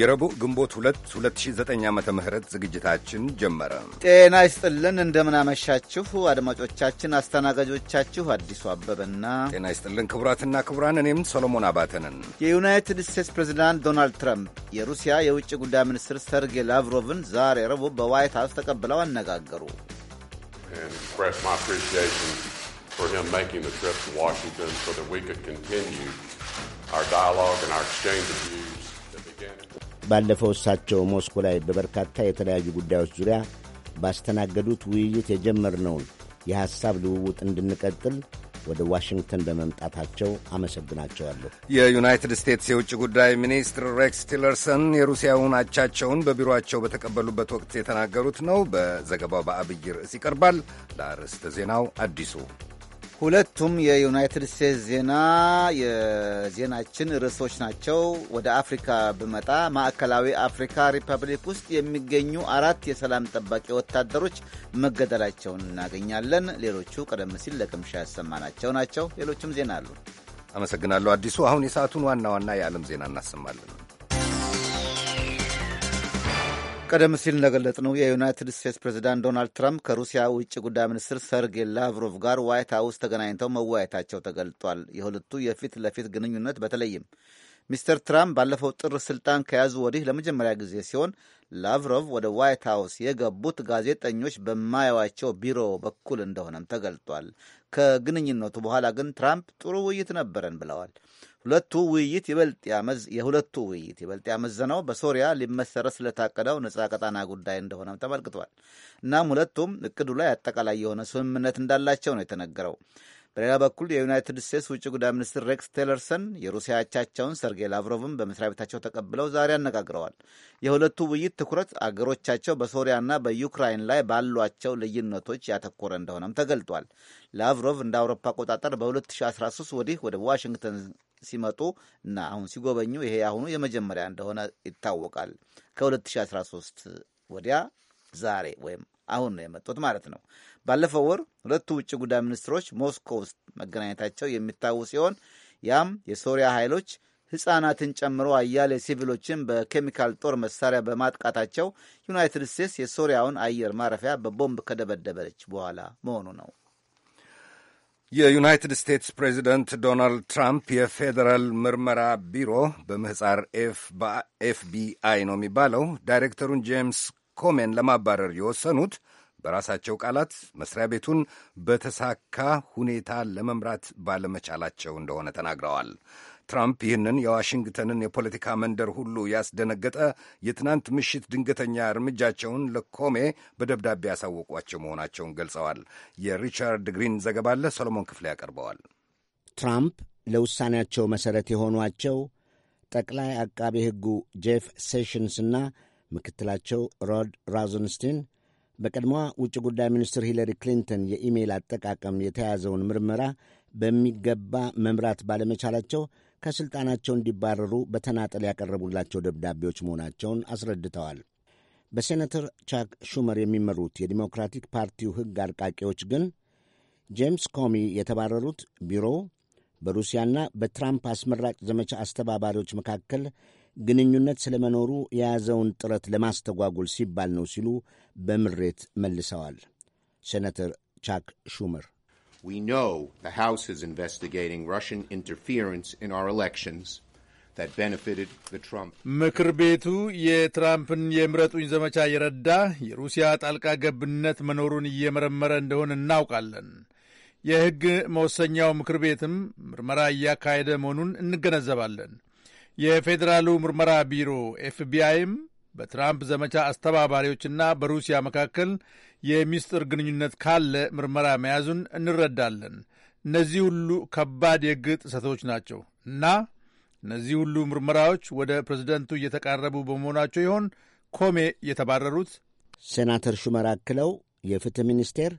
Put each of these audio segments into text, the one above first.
የረቡዕ ግንቦት 2 2009 ዓ ምህረት ዝግጅታችን ጀመረ። ጤና ይስጥልን፣ እንደምናመሻችሁ አድማጮቻችን። አስተናጋጆቻችሁ አዲሱ አበበና ጤና ይስጥልን ክቡራትና ክቡራን፣ እኔም ሰሎሞን አባተንን። የዩናይትድ ስቴትስ ፕሬዚዳንት ዶናልድ ትራምፕ የሩሲያ የውጭ ጉዳይ ሚኒስትር ሰርጌይ ላቭሮቭን ዛሬ ረቡዕ በዋይት ሀውስ ተቀብለው አነጋገሩ። ዋሽንግተን ባለፈው እሳቸው ሞስኮ ላይ በበርካታ የተለያዩ ጉዳዮች ዙሪያ ባስተናገዱት ውይይት የጀመርነውን የሐሳብ ልውውጥ እንድንቀጥል ወደ ዋሽንግተን በመምጣታቸው አመሰግናቸዋለሁ። የዩናይትድ ስቴትስ የውጭ ጉዳይ ሚኒስትር ሬክስ ቲለርሰን የሩሲያውን አቻቸውን በቢሮአቸው በተቀበሉበት ወቅት የተናገሩት ነው። በዘገባው በአብይ ርዕስ ይቀርባል። ለአርዕስተ ዜናው አዲሱ ሁለቱም የዩናይትድ ስቴትስ ዜና የዜናችን ርዕሶች ናቸው። ወደ አፍሪካ ብመጣ ማዕከላዊ አፍሪካ ሪፐብሊክ ውስጥ የሚገኙ አራት የሰላም ጠባቂ ወታደሮች መገደላቸውን እናገኛለን። ሌሎቹ ቀደም ሲል ለቅምሻ ያሰማናቸው ናቸው። ሌሎችም ዜና አሉ። አመሰግናለሁ አዲሱ። አሁን የሰዓቱን ዋና ዋና የዓለም ዜና እናሰማለን። ቀደም ሲል እንደገለጽ ነው የዩናይትድ ስቴትስ ፕሬዚዳንት ዶናልድ ትራምፕ ከሩሲያ ውጭ ጉዳይ ሚኒስትር ሰርጌይ ላቭሮቭ ጋር ዋይት ሀውስ ተገናኝተው መወያየታቸው ተገልጧል። የሁለቱ የፊት ለፊት ግንኙነት በተለይም ሚስተር ትራምፕ ባለፈው ጥር ስልጣን ከያዙ ወዲህ ለመጀመሪያ ጊዜ ሲሆን ላቭሮቭ ወደ ዋይት ሀውስ የገቡት ጋዜጠኞች በማያዋቸው ቢሮ በኩል እንደሆነም ተገልጧል። ከግንኙነቱ በኋላ ግን ትራምፕ ጥሩ ውይይት ነበረን ብለዋል። ሁለቱ ውይይት ይበልጥ ያመዝ የሁለቱ ውይይት ይበልጥ ያመዘነው በሶሪያ ሊመሰረት ስለታቀደው ነጻ ቀጣና ጉዳይ እንደሆነም ተመልክቷል። እናም ሁለቱም እቅዱ ላይ አጠቃላይ የሆነ ስምምነት እንዳላቸው ነው የተነገረው። በሌላ በኩል የዩናይትድ ስቴትስ ውጭ ጉዳይ ሚኒስትር ሬክስ ቴለርሰን የሩሲያ አቻቸውን ሰርጌይ ላቭሮቭን በመስሪያ ቤታቸው ተቀብለው ዛሬ አነጋግረዋል። የሁለቱ ውይይት ትኩረት አገሮቻቸው በሶሪያና በዩክራይን ላይ ባሏቸው ልዩነቶች ያተኮረ እንደሆነም ተገልጧል። ላቭሮቭ እንደ አውሮፓ አቆጣጠር በ2013 ወዲህ ወደ ዋሽንግተን ሲመጡ እና አሁን ሲጎበኙ ይሄ አሁኑ የመጀመሪያ እንደሆነ ይታወቃል። ከ2013 ወዲያ ዛሬ ወይም አሁን ነው የመጡት ማለት ነው። ባለፈው ወር ሁለቱ ውጭ ጉዳይ ሚኒስትሮች ሞስኮ ውስጥ መገናኘታቸው የሚታወስ ሲሆን ያም የሶሪያ ኃይሎች ሕፃናትን ጨምሮ አያሌ ሲቪሎችን በኬሚካል ጦር መሳሪያ በማጥቃታቸው ዩናይትድ ስቴትስ የሶሪያውን አየር ማረፊያ በቦምብ ከደበደበች በኋላ መሆኑ ነው። የዩናይትድ ስቴትስ ፕሬዚደንት ዶናልድ ትራምፕ የፌዴራል ምርመራ ቢሮ በምህፃር ኤፍቢአይ ነው የሚባለው ዳይሬክተሩን ጄምስ ኮሜን ለማባረር የወሰኑት በራሳቸው ቃላት መስሪያ ቤቱን በተሳካ ሁኔታ ለመምራት ባለመቻላቸው እንደሆነ ተናግረዋል። ትራምፕ ይህንን የዋሽንግተንን የፖለቲካ መንደር ሁሉ ያስደነገጠ የትናንት ምሽት ድንገተኛ እርምጃቸውን ለኮሜ በደብዳቤ ያሳወቋቸው መሆናቸውን ገልጸዋል። የሪቻርድ ግሪን ዘገባ አለ፣ ሰሎሞን ክፍሌ ያቀርበዋል። ትራምፕ ለውሳኔያቸው መሠረት የሆኗቸው ጠቅላይ አቃቤ ሕጉ ጄፍ እና ምክትላቸው ሮድ ራዘንስቲን በቀድሞዋ ውጭ ጉዳይ ሚኒስትር ሂለሪ ክሊንተን የኢሜይል አጠቃቀም የተያዘውን ምርመራ በሚገባ መምራት ባለመቻላቸው ከሥልጣናቸው እንዲባረሩ በተናጠል ያቀረቡላቸው ደብዳቤዎች መሆናቸውን አስረድተዋል። በሴኔተር ቻክ ሹመር የሚመሩት የዲሞክራቲክ ፓርቲው ሕግ አርቃቂዎች ግን ጄምስ ኮሚ የተባረሩት ቢሮው በሩሲያና በትራምፕ አስመራጭ ዘመቻ አስተባባሪዎች መካከል ግንኙነት ስለመኖሩ የያዘውን ጥረት ለማስተጓጎል ሲባል ነው ሲሉ በምሬት መልሰዋል። ሴኔተር ቻክ ሹመር We know the House is investigating Russian interference in our elections that benefited the Trump. ምክር ቤቱ የትራምፕን የምረጡኝ ዘመቻ የረዳ የሩሲያ ጣልቃ ገብነት መኖሩን እየመረመረ እንደሆን እናውቃለን። የሕግ መወሰኛው ምክር ቤትም ምርመራ እያካሄደ መሆኑን እንገነዘባለን። የፌዴራሉ ምርመራ ቢሮ ኤፍቢአይም በትራምፕ ዘመቻ አስተባባሪዎችና በሩሲያ መካከል የሚስጥር ግንኙነት ካለ ምርመራ መያዙን እንረዳለን። እነዚህ ሁሉ ከባድ የሕግ ጥሰቶች ናቸው እና እነዚህ ሁሉ ምርመራዎች ወደ ፕሬዝደንቱ እየተቃረቡ በመሆናቸው ይሆን ኮሜ የተባረሩት? ሴናተር ሹመር አክለው የፍትህ ሚኒስቴር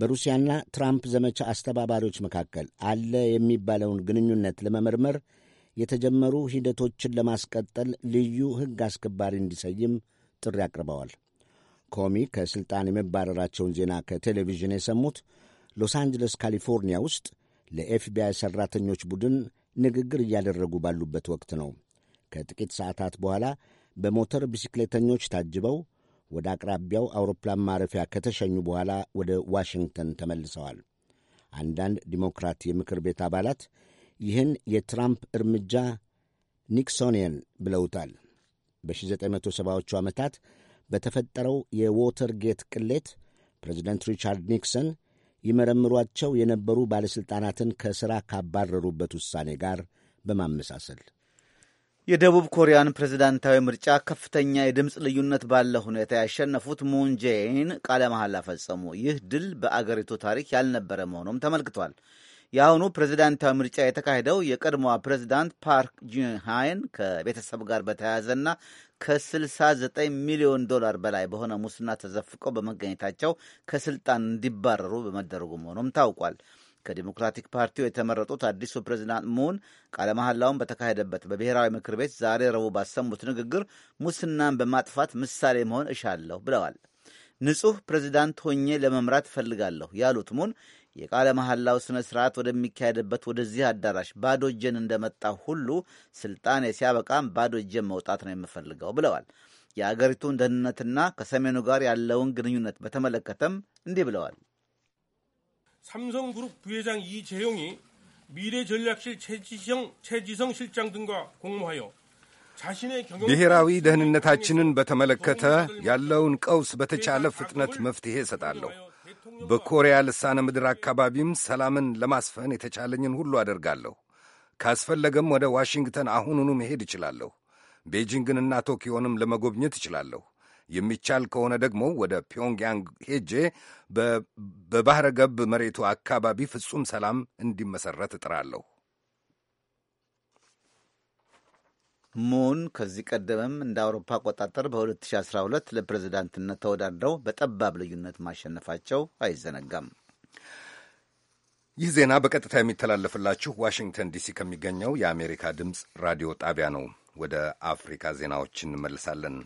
በሩሲያና ትራምፕ ዘመቻ አስተባባሪዎች መካከል አለ የሚባለውን ግንኙነት ለመመርመር የተጀመሩ ሂደቶችን ለማስቀጠል ልዩ ሕግ አስከባሪ እንዲሰይም ጥሪ አቅርበዋል። ኮሚ ከሥልጣን የመባረራቸውን ዜና ከቴሌቪዥን የሰሙት ሎስ አንጅለስ ካሊፎርኒያ ውስጥ ለኤፍቢአይ ሠራተኞች ቡድን ንግግር እያደረጉ ባሉበት ወቅት ነው። ከጥቂት ሰዓታት በኋላ በሞተር ቢሲክሌተኞች ታጅበው ወደ አቅራቢያው አውሮፕላን ማረፊያ ከተሸኙ በኋላ ወደ ዋሽንግተን ተመልሰዋል። አንዳንድ ዲሞክራት የምክር ቤት አባላት ይህን የትራምፕ እርምጃ ኒክሶኒየን ብለውታል። በ1970ዎቹ ዓመታት በተፈጠረው የዎተር ጌት ቅሌት ፕሬዚደንት ሪቻርድ ኒክሰን ይመረምሯቸው የነበሩ ባለሥልጣናትን ከሥራ ካባረሩበት ውሳኔ ጋር በማመሳሰል የደቡብ ኮሪያን ፕሬዝዳንታዊ ምርጫ ከፍተኛ የድምፅ ልዩነት ባለ ሁኔታ ያሸነፉት ሙንጄይን ቃለ መሐላ ፈጸሙ። ይህ ድል በአገሪቱ ታሪክ ያልነበረ መሆኑም ተመልክቷል። የአሁኑ ፕሬዚዳንታዊ ምርጫ የተካሄደው የቀድሞዋ ፕሬዚዳንት ፓርክ ጂንሃይን ከቤተሰብ ጋር በተያያዘና ከ69 ሚሊዮን ዶላር በላይ በሆነ ሙስና ተዘፍቀው በመገኘታቸው ከስልጣን እንዲባረሩ በመደረጉ መሆኑም ታውቋል። ከዲሞክራቲክ ፓርቲው የተመረጡት አዲሱ ፕሬዚዳንት ሙን ቃለ መሐላውን በተካሄደበት በብሔራዊ ምክር ቤት ዛሬ ረቡዕ ባሰሙት ንግግር ሙስናን በማጥፋት ምሳሌ መሆን እሻለሁ ብለዋል። ንጹህ ፕሬዚዳንት ሆኜ ለመምራት ፈልጋለሁ ያሉት ሙን የቃለ መሐላው ስነ ስርዓት ወደሚካሄድበት ወደዚህ አዳራሽ ባዶ እጄን እንደመጣ ሁሉ ስልጣኔ ሲያበቃም ባዶ እጄን መውጣት ነው የምፈልገው ብለዋል። የአገሪቱን ደህንነትና ከሰሜኑ ጋር ያለውን ግንኙነት በተመለከተም እንዲህ ብለዋል። ሳምሰንግ ግሩፕ 부회장 이재용이 미래 전략실 최지성, 최지성 실장 등과 공모하여 ብሔራዊ ደህንነታችንን በተመለከተ ያለውን ቀውስ በተቻለ ፍጥነት መፍትሄ እሰጣለሁ በኮሪያ ልሳነ ምድር አካባቢም ሰላምን ለማስፈን የተቻለኝን ሁሉ አደርጋለሁ። ካስፈለገም ወደ ዋሽንግተን አሁኑኑ መሄድ እችላለሁ። ቤጂንግንና ቶኪዮንም ለመጎብኘት እችላለሁ። የሚቻል ከሆነ ደግሞ ወደ ፒዮንግያንግ ሄጄ በባሕረ ገብ መሬቱ አካባቢ ፍጹም ሰላም እንዲመሠረት እጥራለሁ። ሙን ከዚህ ቀደምም እንደ አውሮፓ አቆጣጠር በ2012 ለፕሬዝዳንትነት ተወዳድረው በጠባብ ልዩነት ማሸነፋቸው አይዘነጋም። ይህ ዜና በቀጥታ የሚተላለፍላችሁ ዋሽንግተን ዲሲ ከሚገኘው የአሜሪካ ድምፅ ራዲዮ ጣቢያ ነው። ወደ አፍሪካ ዜናዎች እንመልሳለን።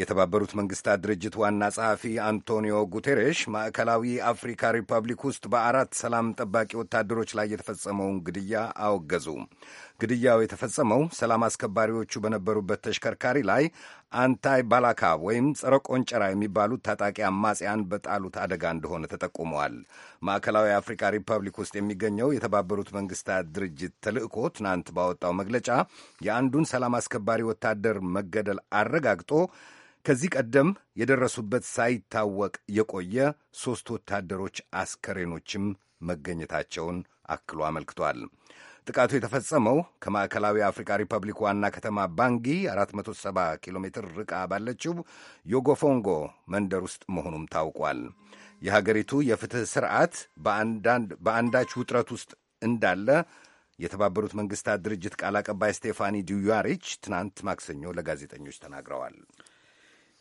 የተባበሩት መንግስታት ድርጅት ዋና ጸሐፊ አንቶኒዮ ጉቴሬሽ ማዕከላዊ አፍሪካ ሪፐብሊክ ውስጥ በአራት ሰላም ጠባቂ ወታደሮች ላይ የተፈጸመውን ግድያ አወገዙ። ግድያው የተፈጸመው ሰላም አስከባሪዎቹ በነበሩበት ተሽከርካሪ ላይ አንታይ ባላካ ወይም ጸረ ቆንጨራ የሚባሉት ታጣቂ አማጽያን በጣሉት አደጋ እንደሆነ ተጠቁመዋል። ማዕከላዊ አፍሪካ ሪፐብሊክ ውስጥ የሚገኘው የተባበሩት መንግስታት ድርጅት ተልእኮ ትናንት ባወጣው መግለጫ የአንዱን ሰላም አስከባሪ ወታደር መገደል አረጋግጦ ከዚህ ቀደም የደረሱበት ሳይታወቅ የቆየ ሦስት ወታደሮች አስከሬኖችም መገኘታቸውን አክሎ አመልክቷል። ጥቃቱ የተፈጸመው ከማዕከላዊ አፍሪካ ሪፐብሊክ ዋና ከተማ ባንጊ 470 ኪሎ ሜትር ርቃ ባለችው ዮጎፎንጎ መንደር ውስጥ መሆኑም ታውቋል። የሀገሪቱ የፍትሕ ስርዓት በአንዳች ውጥረት ውስጥ እንዳለ የተባበሩት መንግስታት ድርጅት ቃል አቀባይ ስቴፋኒ ዱያሪች ትናንት ማክሰኞ ለጋዜጠኞች ተናግረዋል።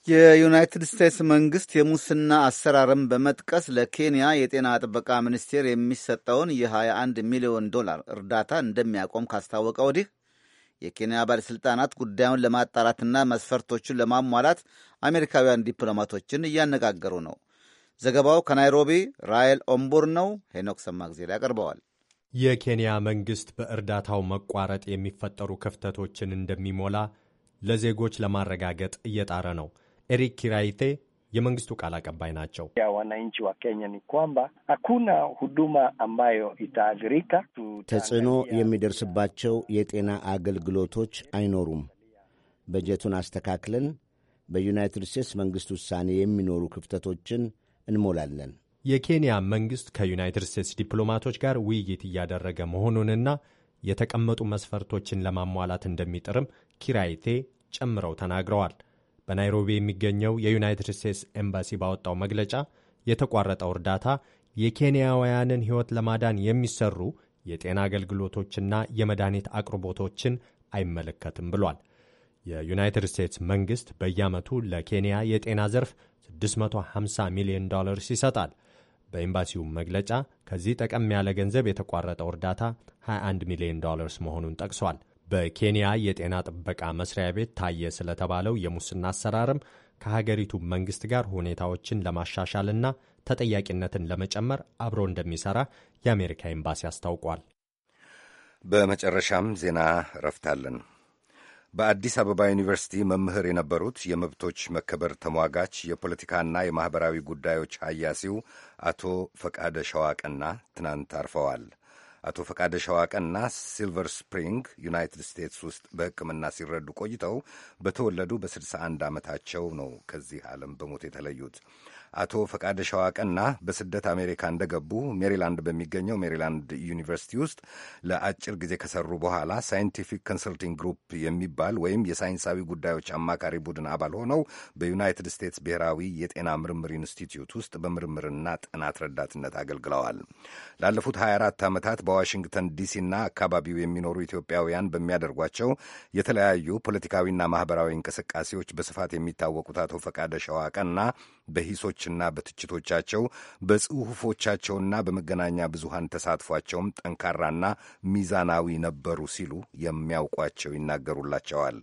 የዩናይትድ ስቴትስ መንግስት የሙስና አሰራርን በመጥቀስ ለኬንያ የጤና ጥበቃ ሚኒስቴር የሚሰጠውን የ21 ሚሊዮን ዶላር እርዳታ እንደሚያቆም ካስታወቀ ወዲህ የኬንያ ባለሥልጣናት ጉዳዩን ለማጣራትና መስፈርቶቹን ለማሟላት አሜሪካውያን ዲፕሎማቶችን እያነጋገሩ ነው። ዘገባው ከናይሮቢ ራይል ኦምቡር ነው። ሄኖክ ሰማግዜላ ያቀርበዋል። የኬንያ መንግሥት በእርዳታው መቋረጥ የሚፈጠሩ ክፍተቶችን እንደሚሞላ ለዜጎች ለማረጋገጥ እየጣረ ነው። ኤሪክ ኪራይቴ የመንግስቱ ቃል አቀባይ ናቸው። ያ wananchi wa Kenya ni kwamba hakuna huduma ተጽዕኖ የሚደርስባቸው የጤና አገልግሎቶች አይኖሩም። በጀቱን አስተካክለን በዩናይትድ ስቴትስ መንግሥት ውሳኔ የሚኖሩ ክፍተቶችን እንሞላለን። የኬንያ መንግሥት ከዩናይትድ ስቴትስ ዲፕሎማቶች ጋር ውይይት እያደረገ መሆኑንና የተቀመጡ መስፈርቶችን ለማሟላት እንደሚጥርም ኪራይቴ ጨምረው ተናግረዋል። በናይሮቢ የሚገኘው የዩናይትድ ስቴትስ ኤምባሲ ባወጣው መግለጫ የተቋረጠው እርዳታ የኬንያውያንን ሕይወት ለማዳን የሚሰሩ የጤና አገልግሎቶችና የመድኃኒት አቅርቦቶችን አይመለከትም ብሏል። የዩናይትድ ስቴትስ መንግሥት በየዓመቱ ለኬንያ የጤና ዘርፍ 650 ሚሊዮን ዶላርስ ይሰጣል። በኤምባሲው መግለጫ ከዚህ ጠቀም ያለ ገንዘብ የተቋረጠው እርዳታ 21 ሚሊዮን ዶላርስ መሆኑን ጠቅሷል። በኬንያ የጤና ጥበቃ መስሪያ ቤት ታየ ስለተባለው የሙስና አሰራርም ከሀገሪቱ መንግስት ጋር ሁኔታዎችን ለማሻሻልና ተጠያቂነትን ለመጨመር አብሮ እንደሚሰራ የአሜሪካ ኤምባሲ አስታውቋል። በመጨረሻም ዜና ረፍታለን። በአዲስ አበባ ዩኒቨርሲቲ መምህር የነበሩት የመብቶች መከበር ተሟጋች የፖለቲካና የማኅበራዊ ጉዳዮች ሐያሲው አቶ ፈቃደ ሸዋቀና ትናንት አርፈዋል። አቶ ፈቃደ ሸዋቀና ሲልቨር ስፕሪንግ ዩናይትድ ስቴትስ ውስጥ በሕክምና ሲረዱ ቆይተው በተወለዱ በ61 ዓመታቸው ነው ከዚህ ዓለም በሞት የተለዩት። አቶ ፈቃደ ሸዋቀና በስደት አሜሪካ እንደገቡ ሜሪላንድ በሚገኘው ሜሪላንድ ዩኒቨርሲቲ ውስጥ ለአጭር ጊዜ ከሰሩ በኋላ ሳይንቲፊክ ኮንሰልቲንግ ግሩፕ የሚባል ወይም የሳይንሳዊ ጉዳዮች አማካሪ ቡድን አባል ሆነው በዩናይትድ ስቴትስ ብሔራዊ የጤና ምርምር ኢንስቲትዩት ውስጥ በምርምርና ጥናት ረዳትነት አገልግለዋል። ላለፉት 24 ዓመታት በዋሽንግተን ዲሲና አካባቢው የሚኖሩ ኢትዮጵያውያን በሚያደርጓቸው የተለያዩ ፖለቲካዊና ማህበራዊ እንቅስቃሴዎች በስፋት የሚታወቁት አቶ ፈቃደ ሸዋቀና በሂሶችና በትችቶቻቸው በጽሑፎቻቸውና በመገናኛ ብዙሃን ተሳትፏቸውም ጠንካራና ሚዛናዊ ነበሩ ሲሉ የሚያውቋቸው ይናገሩላቸዋል።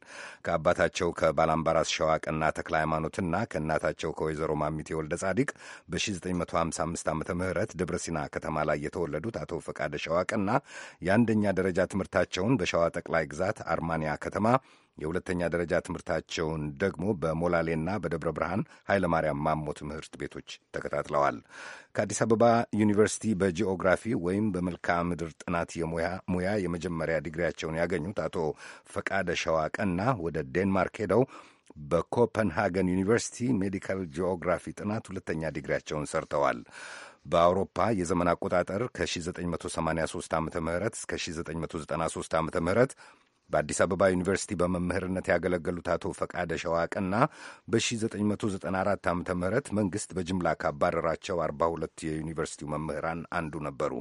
ከአባታቸው ከባላምባራስ ሸዋቅና ተክለ ሃይማኖትና ከእናታቸው ከወይዘሮ ማሚቴ ወልደ ጻዲቅ በ1955 ዓ ም ደብረ ከተማ ላይ የተወለዱት አቶ ፈቃደ ሸዋቅና የአንደኛ ደረጃ ትምህርታቸውን በሸዋ ጠቅላይ ግዛት አርማንያ ከተማ የሁለተኛ ደረጃ ትምህርታቸውን ደግሞ በሞላሌና በደብረ ብርሃን ኃይለ ማርያም ማሞ ትምህርት ቤቶች ተከታትለዋል። ከአዲስ አበባ ዩኒቨርሲቲ በጂኦግራፊ ወይም በመልክዓ ምድር ጥናት የሙያ የመጀመሪያ ዲግሪያቸውን ያገኙት አቶ ፈቃደ ሸዋቀና ወደ ዴንማርክ ሄደው በኮፐንሃገን ዩኒቨርሲቲ ሜዲካል ጂኦግራፊ ጥናት ሁለተኛ ዲግሪያቸውን ሰርተዋል። በአውሮፓ የዘመን አቆጣጠር ከ1983 ዓ ም እስከ 1993 ዓ ም በአዲስ አበባ ዩኒቨርሲቲ በመምህርነት ያገለገሉት አቶ ፈቃደ ሸዋቅና በ1994 ዓ ም መንግሥት በጅምላ ካባረራቸው 42 የዩኒቨርሲቲው መምህራን አንዱ ነበሩ።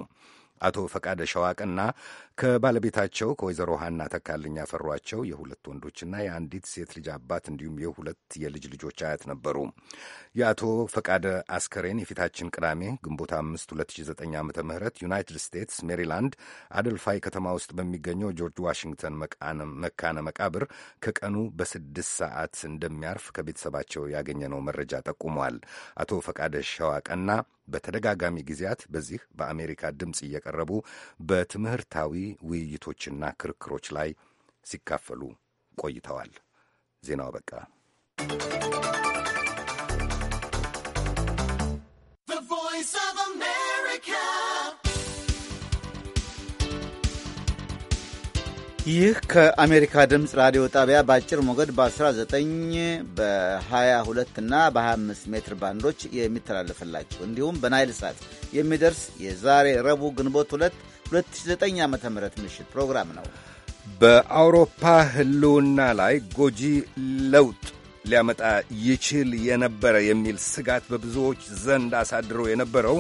አቶ ፈቃደ ሸዋቅና ከባለቤታቸው ከወይዘሮ ሀና ተካልኝ ያፈሯቸው የሁለት ወንዶችና የአንዲት ሴት ልጅ አባት እንዲሁም የሁለት የልጅ ልጆች አያት ነበሩ። የአቶ ፈቃደ አስከሬን የፊታችን ቅዳሜ ግንቦት 5 2009 ዓ ም ዩናይትድ ስቴትስ ሜሪላንድ አደልፋይ ከተማ ውስጥ በሚገኘው ጆርጅ ዋሽንግተን መካነ መቃብር ከቀኑ በስድስት ሰዓት እንደሚያርፍ ከቤተሰባቸው ያገኘነው መረጃ ጠቁሟል። አቶ ፈቃደ ሸዋቀና በተደጋጋሚ ጊዜያት በዚህ በአሜሪካ ድምፅ እየቀረቡ በትምህርታዊ ውይይቶችና ክርክሮች ላይ ሲካፈሉ ቆይተዋል። ዜናው በቃ። ይህ ከአሜሪካ ድምፅ ራዲዮ ጣቢያ በአጭር ሞገድ በ19 በ22 እና በ25 ሜትር ባንዶች የሚተላለፍላችሁ እንዲሁም በናይል ሳት የሚደርስ የዛሬ ረቡዕ ግንቦት 2 2009 ዓ ም ምሽት ፕሮግራም ነው። በአውሮፓ ሕልውና ላይ ጎጂ ለውጥ ሊያመጣ ይችል የነበረ የሚል ስጋት በብዙዎች ዘንድ አሳድሮ የነበረው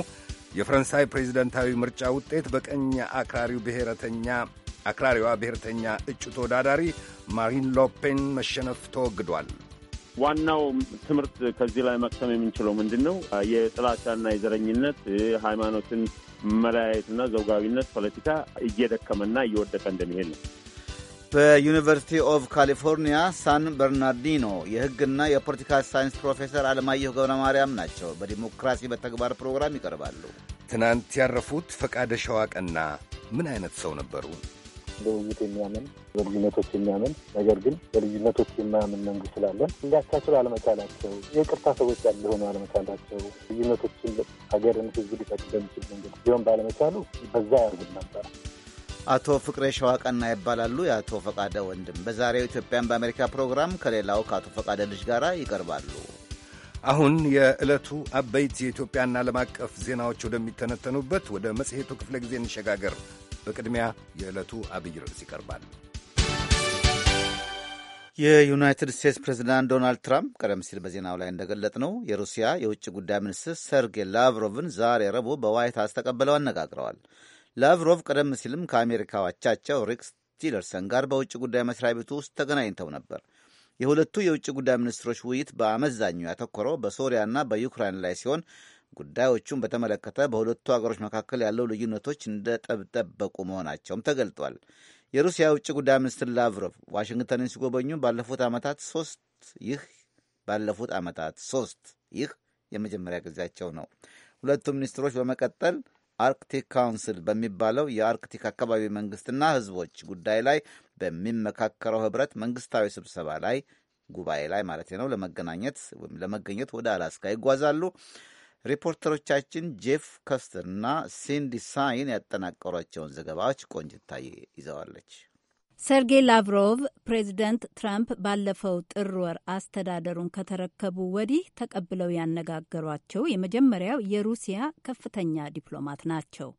የፈረንሳይ ፕሬዚደንታዊ ምርጫ ውጤት በቀኝ አክራሪው ብሔረተኛ አክራሪዋ ብሔርተኛ እጩ ተወዳዳሪ ማሪን ሎፔን መሸነፍ ተወግዷል። ዋናው ትምህርት ከዚህ ላይ መቅሰም የምንችለው ምንድን ነው? የጥላቻና የዘረኝነት ሃይማኖትን መለያየትና ዘውጋዊነት ፖለቲካ እየደከመና እየወደቀ እንደሚሄድ ነው። በዩኒቨርሲቲ ኦፍ ካሊፎርኒያ ሳን በርናርዲኖ የሕግና የፖለቲካ ሳይንስ ፕሮፌሰር አለማየሁ ገብረ ማርያም ናቸው። በዲሞክራሲ በተግባር ፕሮግራም ይቀርባሉ። ትናንት ያረፉት ፈቃደ ሸዋቀና ምን አይነት ሰው ነበሩ? በውይይት የሚያምን በልዩነቶች የሚያምን ነገር ግን በልዩነቶች የማያምን መንግስት ስላለን እንዲያቻችሉ አለመቻላቸው የቅርታ ሰዎች ያለሆኑ አለመቻላቸው ልዩነቶችን ሀገርን ህዝብ ሊጠቅ በሚችል መንገድ ቢሆን ባለመቻሉ በዛ ያርጉት ነበር። አቶ ፍቅሬ ሸዋቀና ይባላሉ። የአቶ ፈቃደ ወንድም በዛሬው ኢትዮጵያን በአሜሪካ ፕሮግራም ከሌላው ከአቶ ፈቃደ ልጅ ጋር ይቀርባሉ። አሁን የዕለቱ አበይት የኢትዮጵያና ዓለም አቀፍ ዜናዎች ወደሚተነተኑበት ወደ መጽሔቱ ክፍለ ጊዜ እንሸጋገር። በቅድሚያ የዕለቱ አብይ ርዕስ ይቀርባል። የዩናይትድ ስቴትስ ፕሬዚዳንት ዶናልድ ትራምፕ ቀደም ሲል በዜናው ላይ እንደገለጥ ነው የሩሲያ የውጭ ጉዳይ ሚኒስትር ሰርጌይ ላቭሮቭን ዛሬ ረቡዕ በዋይት ሀውስ ተቀብለው አነጋግረዋል። ላቭሮቭ ቀደም ሲልም ከአሜሪካ አቻቸው ሬክስ ቲለርሰን ጋር በውጭ ጉዳይ መስሪያ ቤቱ ውስጥ ተገናኝተው ነበር። የሁለቱ የውጭ ጉዳይ ሚኒስትሮች ውይይት በአመዛኙ ያተኮረው በሶሪያና በዩክራይን ላይ ሲሆን ጉዳዮቹን በተመለከተ በሁለቱ ሀገሮች መካከል ያለው ልዩነቶች እንደጠብጠበቁ መሆናቸውም ተገልጧል። የሩሲያ ውጭ ጉዳይ ሚኒስትር ላቭሮቭ ዋሽንግተንን ሲጎበኙ ባለፉት ዓመታት ሶስት ይህ ባለፉት ዓመታት ሶስት ይህ የመጀመሪያ ጊዜያቸው ነው። ሁለቱ ሚኒስትሮች በመቀጠል አርክቲክ ካውንስል በሚባለው የአርክቲክ አካባቢ መንግስትና ህዝቦች ጉዳይ ላይ በሚመካከረው ህብረት መንግስታዊ ስብሰባ ላይ ጉባኤ ላይ ማለት ነው ለመገናኘት ወይም ለመገኘት ወደ አላስካ ይጓዛሉ። ሪፖርተሮቻችን ጄፍ ከስተር እና ሲንዲ ሳይን ያጠናቀሯቸውን ዘገባዎች ቆንጅታ ይዘዋለች። ሰርጌይ ላቭሮቭ ፕሬዚደንት ትራምፕ ባለፈው ጥር ወር አስተዳደሩን ከተረከቡ ወዲህ ተቀብለው ያነጋገሯቸው የመጀመሪያው የሩሲያ ከፍተኛ ዲፕሎማት ናቸው።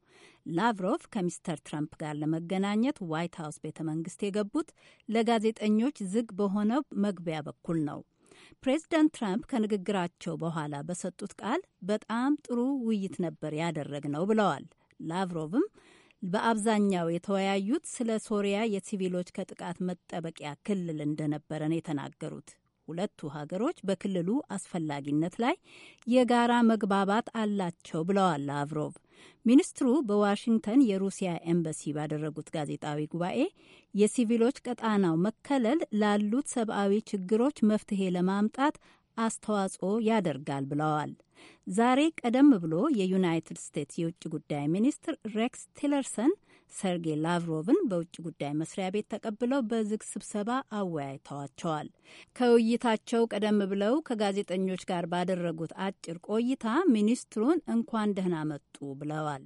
ላቭሮቭ ከሚስተር ትራምፕ ጋር ለመገናኘት ዋይት ሀውስ ቤተ መንግስት የገቡት ለጋዜጠኞች ዝግ በሆነው መግቢያ በኩል ነው። ፕሬዚዳንት ትራምፕ ከንግግራቸው በኋላ በሰጡት ቃል በጣም ጥሩ ውይይት ነበር ያደረግነው ብለዋል። ላቭሮቭም በአብዛኛው የተወያዩት ስለ ሶሪያ የሲቪሎች ከጥቃት መጠበቂያ ክልል እንደነበረ ነው የተናገሩት። ሁለቱ ሀገሮች በክልሉ አስፈላጊነት ላይ የጋራ መግባባት አላቸው ብለዋል ላቭሮቭ። ሚኒስትሩ በዋሽንግተን የሩሲያ ኤምባሲ ባደረጉት ጋዜጣዊ ጉባኤ የሲቪሎች ቀጣናው መከለል ላሉት ሰብአዊ ችግሮች መፍትሄ ለማምጣት አስተዋጽኦ ያደርጋል ብለዋል። ዛሬ ቀደም ብሎ የዩናይትድ ስቴትስ የውጭ ጉዳይ ሚኒስትር ሬክስ ቲለርሰን ሰርጌይ ላቭሮቭን በውጭ ጉዳይ መስሪያ ቤት ተቀብለው በዝግ ስብሰባ አወያይተዋቸዋል። ከውይይታቸው ቀደም ብለው ከጋዜጠኞች ጋር ባደረጉት አጭር ቆይታ ሚኒስትሩን እንኳን ደህና መጡ ብለዋል።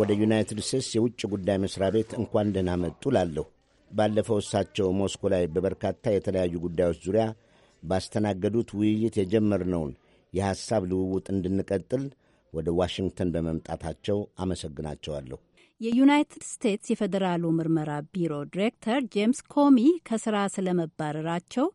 ወደ ዩናይትድ ስቴትስ የውጭ ጉዳይ መስሪያ ቤት እንኳን ደህና መጡ ላለሁ ባለፈው እሳቸው ሞስኮ ላይ በበርካታ የተለያዩ ጉዳዮች ዙሪያ ባስተናገዱት ውይይት የጀመርነውን የሐሳብ ልውውጥ እንድንቀጥል ወደ ዋሽንግተን በመምጣታቸው አመሰግናቸዋለሁ። የዩናይትድ ስቴትስ የፌዴራሉ ምርመራ ቢሮ ዲሬክተር ጄምስ ኮሚ ከስራ ስለመባረራቸው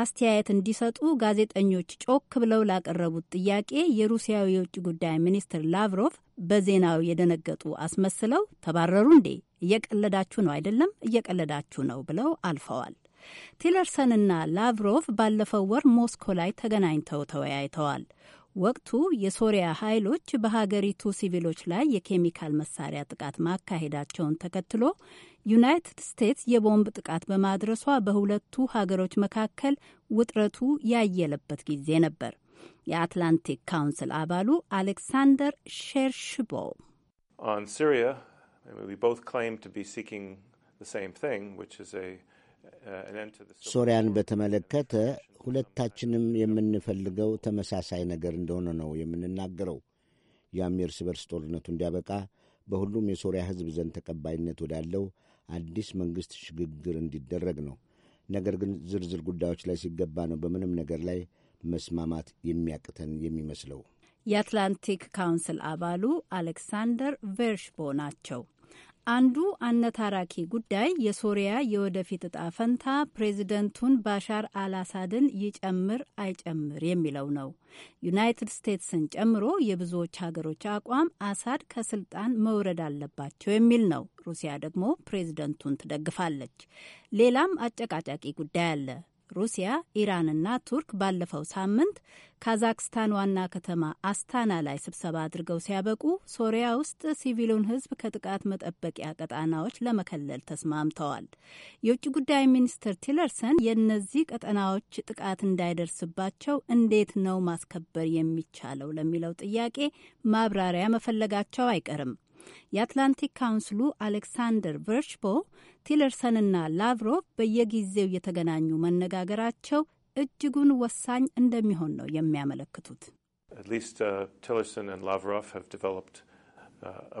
አስተያየት እንዲሰጡ ጋዜጠኞች ጮክ ብለው ላቀረቡት ጥያቄ የሩሲያው የውጭ ጉዳይ ሚኒስትር ላቭሮቭ በዜናው የደነገጡ አስመስለው ተባረሩ እንዴ? እየቀለዳችሁ ነው አይደለም፣ እየቀለዳችሁ ነው ብለው አልፈዋል። ቲለርሰንና ላቭሮቭ ባለፈው ወር ሞስኮ ላይ ተገናኝተው ተወያይተዋል። ወቅቱ የሶሪያ ኃይሎች በሀገሪቱ ሲቪሎች ላይ የኬሚካል መሳሪያ ጥቃት ማካሄዳቸውን ተከትሎ ዩናይትድ ስቴትስ የቦምብ ጥቃት በማድረሷ በሁለቱ ሀገሮች መካከል ውጥረቱ ያየለበት ጊዜ ነበር። የአትላንቲክ ካውንስል አባሉ አሌክሳንደር ሼርሽቦ ሲሪያ ቦ we ሶሪያን በተመለከተ ሁለታችንም የምንፈልገው ተመሳሳይ ነገር እንደሆነ ነው የምንናገረው። ያም የእርስ በርስ ጦርነቱ እንዲያበቃ በሁሉም የሶሪያ ሕዝብ ዘንድ ተቀባይነት ወዳለው አዲስ መንግሥት ሽግግር እንዲደረግ ነው። ነገር ግን ዝርዝር ጉዳዮች ላይ ሲገባ ነው በምንም ነገር ላይ መስማማት የሚያቅተን የሚመስለው። የአትላንቲክ ካውንስል አባሉ አሌክሳንደር ቬርሽቦ ናቸው። አንዱ አነታራኪ ጉዳይ የሶሪያ የወደፊት እጣ ፈንታ ፕሬዚደንቱን ባሻር አልአሳድን ይጨምር አይጨምር የሚለው ነው። ዩናይትድ ስቴትስን ጨምሮ የብዙዎች ሀገሮች አቋም አሳድ ከስልጣን መውረድ አለባቸው የሚል ነው። ሩሲያ ደግሞ ፕሬዚደንቱን ትደግፋለች። ሌላም አጨቃጫቂ ጉዳይ አለ። ሩሲያ፣ ኢራንና ቱርክ ባለፈው ሳምንት ካዛክስታን ዋና ከተማ አስታና ላይ ስብሰባ አድርገው ሲያበቁ ሶሪያ ውስጥ ሲቪሉን ሕዝብ ከጥቃት መጠበቂያ ቀጣናዎች ለመከለል ተስማምተዋል። የውጭ ጉዳይ ሚኒስትር ቲለርሰን የእነዚህ ቀጠናዎች ጥቃት እንዳይደርስባቸው እንዴት ነው ማስከበር የሚቻለው ለሚለው ጥያቄ ማብራሪያ መፈለጋቸው አይቀርም። የአትላንቲክ ካውንስሉ አሌክሳንደር ቨርሽቦ ቲለርሰንና ላቭሮቭ በየጊዜው የተገናኙ መነጋገራቸው እጅጉን ወሳኝ እንደሚሆን ነው የሚያመለክቱት። uh,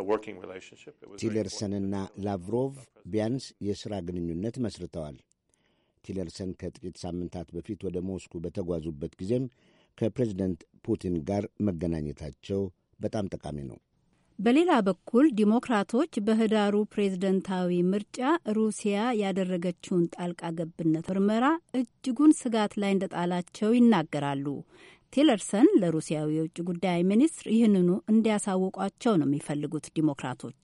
uh, ቲለርሰንና ላቭሮቭ ቢያንስ የሥራ ግንኙነት መስርተዋል። ቲለርሰን ከጥቂት ሳምንታት በፊት ወደ ሞስኩ በተጓዙበት ጊዜም ከፕሬዚደንት ፑቲን ጋር መገናኘታቸው በጣም ጠቃሚ ነው። በሌላ በኩል ዲሞክራቶች በህዳሩ ፕሬዝደንታዊ ምርጫ ሩሲያ ያደረገችውን ጣልቃ ገብነት ምርመራ እጅጉን ስጋት ላይ እንደጣላቸው ይናገራሉ። ቲለርሰን ለሩሲያዊ የውጭ ጉዳይ ሚኒስትር ይህንኑ እንዲያሳውቋቸው ነው የሚፈልጉት ዲሞክራቶች።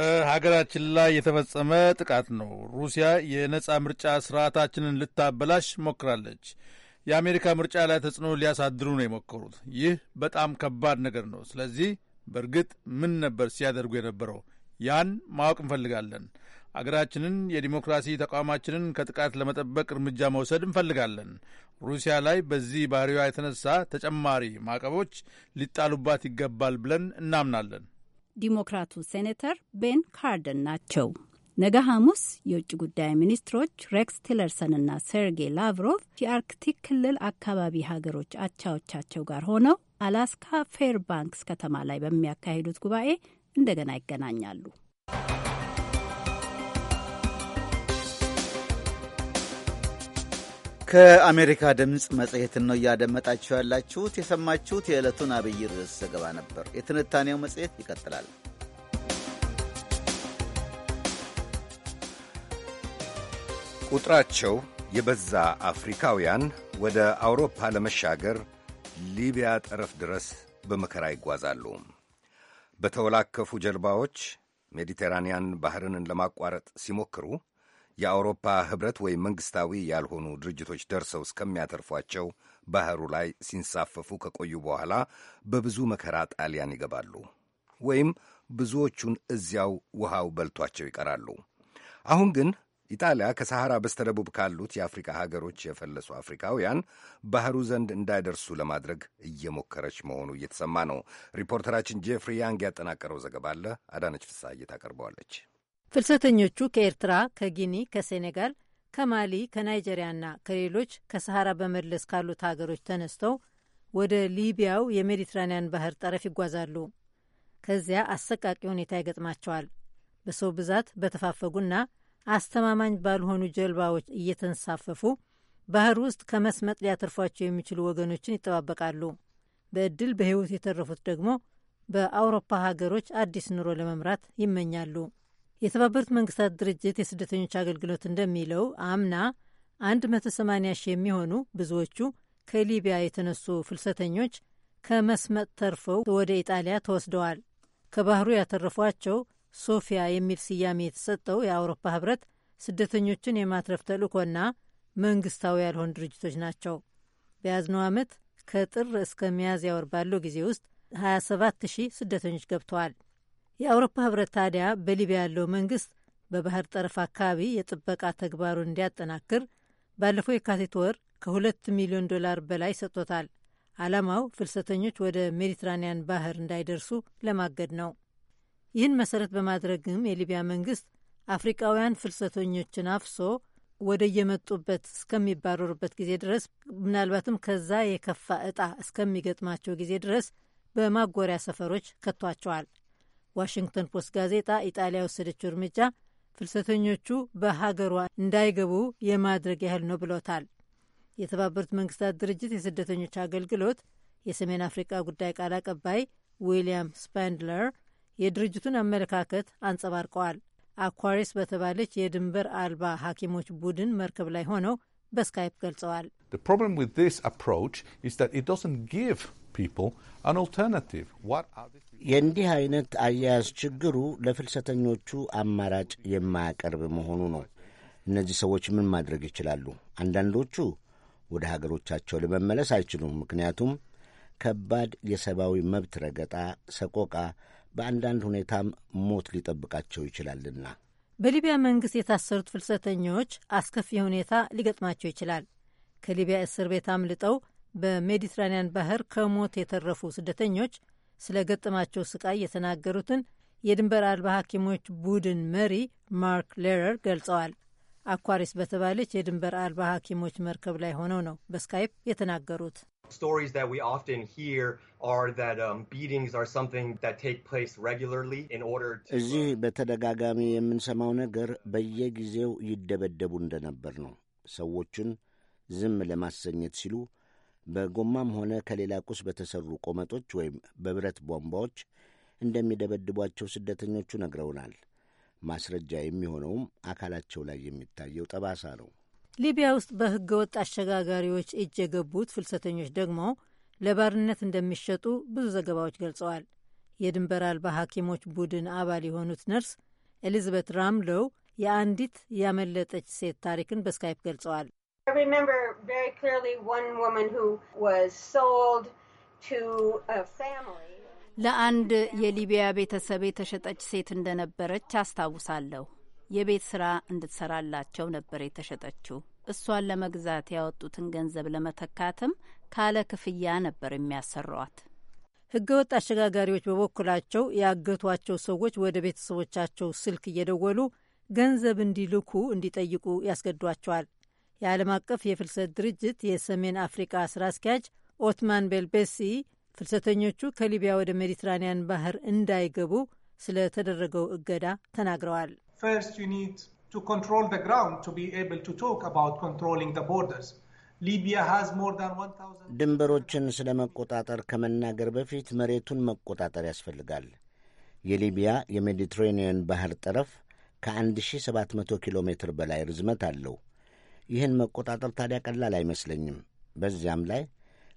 በሀገራችን ላይ የተፈጸመ ጥቃት ነው። ሩሲያ የነጻ ምርጫ ስርዓታችንን ልታበላሽ ሞክራለች። የአሜሪካ ምርጫ ላይ ተጽዕኖ ሊያሳድሩ ነው የሞከሩት። ይህ በጣም ከባድ ነገር ነው። ስለዚህ በእርግጥ ምን ነበር ሲያደርጉ የነበረው? ያን ማወቅ እንፈልጋለን። አገራችንን፣ የዲሞክራሲ ተቋማችንን ከጥቃት ለመጠበቅ እርምጃ መውሰድ እንፈልጋለን። ሩሲያ ላይ በዚህ ባህሪዋ የተነሳ ተጨማሪ ማዕቀቦች ሊጣሉባት ይገባል ብለን እናምናለን። ዲሞክራቱ ሴኔተር ቤን ካርደን ናቸው። ነገ ሐሙስ የውጭ ጉዳይ ሚኒስትሮች ሬክስ ቲለርሰንና ሴርጌይ ላቭሮቭ የአርክቲክ ክልል አካባቢ ሀገሮች አቻዎቻቸው ጋር ሆነው አላስካ ፌርባንክስ ከተማ ላይ በሚያካሂዱት ጉባኤ እንደገና ይገናኛሉ። ከአሜሪካ ድምፅ መጽሔትን ነው እያደመጣችሁ ያላችሁት። የሰማችሁት የዕለቱን አብይ ርዕስ ዘገባ ነበር። የትንታኔው መጽሔት ይቀጥላል። ቁጥራቸው የበዛ አፍሪካውያን ወደ አውሮፓ ለመሻገር ሊቢያ ጠረፍ ድረስ በመከራ ይጓዛሉ። በተወላከፉ ጀልባዎች ሜዲቴራንያን ባሕርን ለማቋረጥ ሲሞክሩ የአውሮፓ ኅብረት ወይም መንግሥታዊ ያልሆኑ ድርጅቶች ደርሰው እስከሚያተርፏቸው ባሕሩ ላይ ሲንሳፈፉ ከቆዩ በኋላ በብዙ መከራ ጣሊያን ይገባሉ ወይም ብዙዎቹን እዚያው ውሃው በልቷቸው ይቀራሉ። አሁን ግን ኢጣሊያ ከሰሐራ በስተደቡብ ካሉት የአፍሪካ ሀገሮች የፈለሱ አፍሪካውያን ባህሩ ዘንድ እንዳይደርሱ ለማድረግ እየሞከረች መሆኑ እየተሰማ ነው። ሪፖርተራችን ጄፍሪ ያንግ ያጠናቀረው ዘገባ አለ። አዳነች ፍስሐዬ ታቀርበዋለች። ፍልሰተኞቹ ከኤርትራ፣ ከጊኒ፣ ከሴኔጋል፣ ከማሊ፣ ከናይጄሪያና ከሌሎች ከሰሐራ በመለስ ካሉት ሀገሮች ተነስተው ወደ ሊቢያው የሜዲትራንያን ባህር ጠረፍ ይጓዛሉ። ከዚያ አሰቃቂ ሁኔታ ይገጥማቸዋል። በሰው ብዛት በተፋፈጉና አስተማማኝ ባልሆኑ ጀልባዎች እየተንሳፈፉ ባህር ውስጥ ከመስመጥ ሊያተርፏቸው የሚችሉ ወገኖችን ይጠባበቃሉ። በእድል በሕይወት የተረፉት ደግሞ በአውሮፓ ሀገሮች አዲስ ኑሮ ለመምራት ይመኛሉ። የተባበሩት መንግስታት ድርጅት የስደተኞች አገልግሎት እንደሚለው አምና 180 ሺህ የሚሆኑ ብዙዎቹ ከሊቢያ የተነሱ ፍልሰተኞች ከመስመጥ ተርፈው ወደ ኢጣሊያ ተወስደዋል። ከባህሩ ያተረፏቸው ሶፊያ የሚል ስያሜ የተሰጠው የአውሮፓ ህብረት ስደተኞችን የማትረፍ ተልእኮና መንግስታዊ ያልሆኑ ድርጅቶች ናቸው። በያዝነው ዓመት ከጥር እስከ ሚያዝያ ወር ባለው ጊዜ ውስጥ 27 ሺህ ስደተኞች ገብተዋል። የአውሮፓ ህብረት ታዲያ በሊቢያ ያለው መንግስት በባህር ጠረፍ አካባቢ የጥበቃ ተግባሩን እንዲያጠናክር ባለፈው የካቲት ወር ከሁለት ሚሊዮን ዶላር በላይ ሰጥቶታል። ዓላማው ፍልሰተኞች ወደ ሜዲትራንያን ባህር እንዳይደርሱ ለማገድ ነው። ይህን መሰረት በማድረግም የሊቢያ መንግስት አፍሪቃውያን ፍልሰተኞችን አፍሶ ወደ የመጡበት እስከሚባረሩበት ጊዜ ድረስ ምናልባትም ከዛ የከፋ እጣ እስከሚገጥማቸው ጊዜ ድረስ በማጎሪያ ሰፈሮች ከቷቸዋል። ዋሽንግተን ፖስት ጋዜጣ ኢጣሊያ የወሰደችው እርምጃ ፍልሰተኞቹ በሀገሯ እንዳይገቡ የማድረግ ያህል ነው ብሎታል። የተባበሩት መንግስታት ድርጅት የስደተኞች አገልግሎት የሰሜን አፍሪቃ ጉዳይ ቃል አቀባይ ዊሊያም ስፓንድለር የድርጅቱን አመለካከት አንጸባርቀዋል። አኳሪስ በተባለች የድንበር አልባ ሐኪሞች ቡድን መርከብ ላይ ሆነው በስካይፕ ገልጸዋል። የእንዲህ አይነት አያያዝ ችግሩ ለፍልሰተኞቹ አማራጭ የማያቀርብ መሆኑ ነው። እነዚህ ሰዎች ምን ማድረግ ይችላሉ? አንዳንዶቹ ወደ ሀገሮቻቸው ለመመለስ አይችሉም። ምክንያቱም ከባድ የሰብአዊ መብት ረገጣ፣ ሰቆቃ በአንዳንድ ሁኔታም ሞት ሊጠብቃቸው ይችላልና። በሊቢያ መንግስት የታሰሩት ፍልሰተኞች አስከፊ ሁኔታ ሊገጥማቸው ይችላል። ከሊቢያ እስር ቤት አምልጠው በሜዲትራኒያን ባህር ከሞት የተረፉ ስደተኞች ስለ ገጠማቸው ስቃይ የተናገሩትን የድንበር አልባ ሐኪሞች ቡድን መሪ ማርክ ሌረር ገልጸዋል። አኳሪስ በተባለች የድንበር አልባ ሐኪሞች መርከብ ላይ ሆነው ነው በስካይፕ የተናገሩት። stories that we often hear are that um, beatings are something that take place regularly in order to እዚህ uh, በተደጋጋሚ የምንሰማው ነገር በየጊዜው ይደበደቡ እንደነበር ነው። ሰዎችን ዝም ለማሰኘት ሲሉ በጎማም ሆነ ከሌላ ቁስ በተሰሩ ቆመጦች ወይም በብረት ቧንቧዎች እንደሚደበድቧቸው ስደተኞቹ ነግረውናል። ማስረጃ የሚሆነውም አካላቸው ላይ የሚታየው ጠባሳ ነው። ሊቢያ ውስጥ በሕገ ወጥ አሸጋጋሪዎች እጅ የገቡት ፍልሰተኞች ደግሞ ለባርነት እንደሚሸጡ ብዙ ዘገባዎች ገልጸዋል። የድንበር አልባ ሐኪሞች ቡድን አባል የሆኑት ነርስ ኤሊዝቤት ራምሎው የአንዲት ያመለጠች ሴት ታሪክን በስካይፕ ገልጸዋል። ለአንድ የሊቢያ ቤተሰብ የተሸጠች ሴት እንደነበረች አስታውሳለሁ። የቤት ስራ እንድትሰራላቸው ነበር የተሸጠችው። እሷን ለመግዛት ያወጡትን ገንዘብ ለመተካትም ካለ ክፍያ ነበር የሚያሰሯት። ህገወጥ አሸጋጋሪዎች በበኩላቸው ያገቷቸው ሰዎች ወደ ቤተሰቦቻቸው ስልክ እየደወሉ ገንዘብ እንዲልኩ እንዲጠይቁ ያስገዷቸዋል። የዓለም አቀፍ የፍልሰት ድርጅት የሰሜን አፍሪቃ ስራ አስኪያጅ ኦትማን ቤልቤሲ ፍልሰተኞቹ ከሊቢያ ወደ ሜዲትራኒያን ባህር እንዳይገቡ ስለተደረገው እገዳ ተናግረዋል። First, you need to control the ground to be able to talk about controlling the borders. ሊቢያ ሃዝ more than 1000 ድንበሮችን ስለ መቆጣጠር ከመናገር በፊት መሬቱን መቆጣጠር ያስፈልጋል። የሊቢያ የሜዲትሬኒየን ባህር ጠረፍ ከ1700 ኪሎ ሜትር በላይ ርዝመት አለው። ይህን መቆጣጠር ታዲያ ቀላል አይመስለኝም። በዚያም ላይ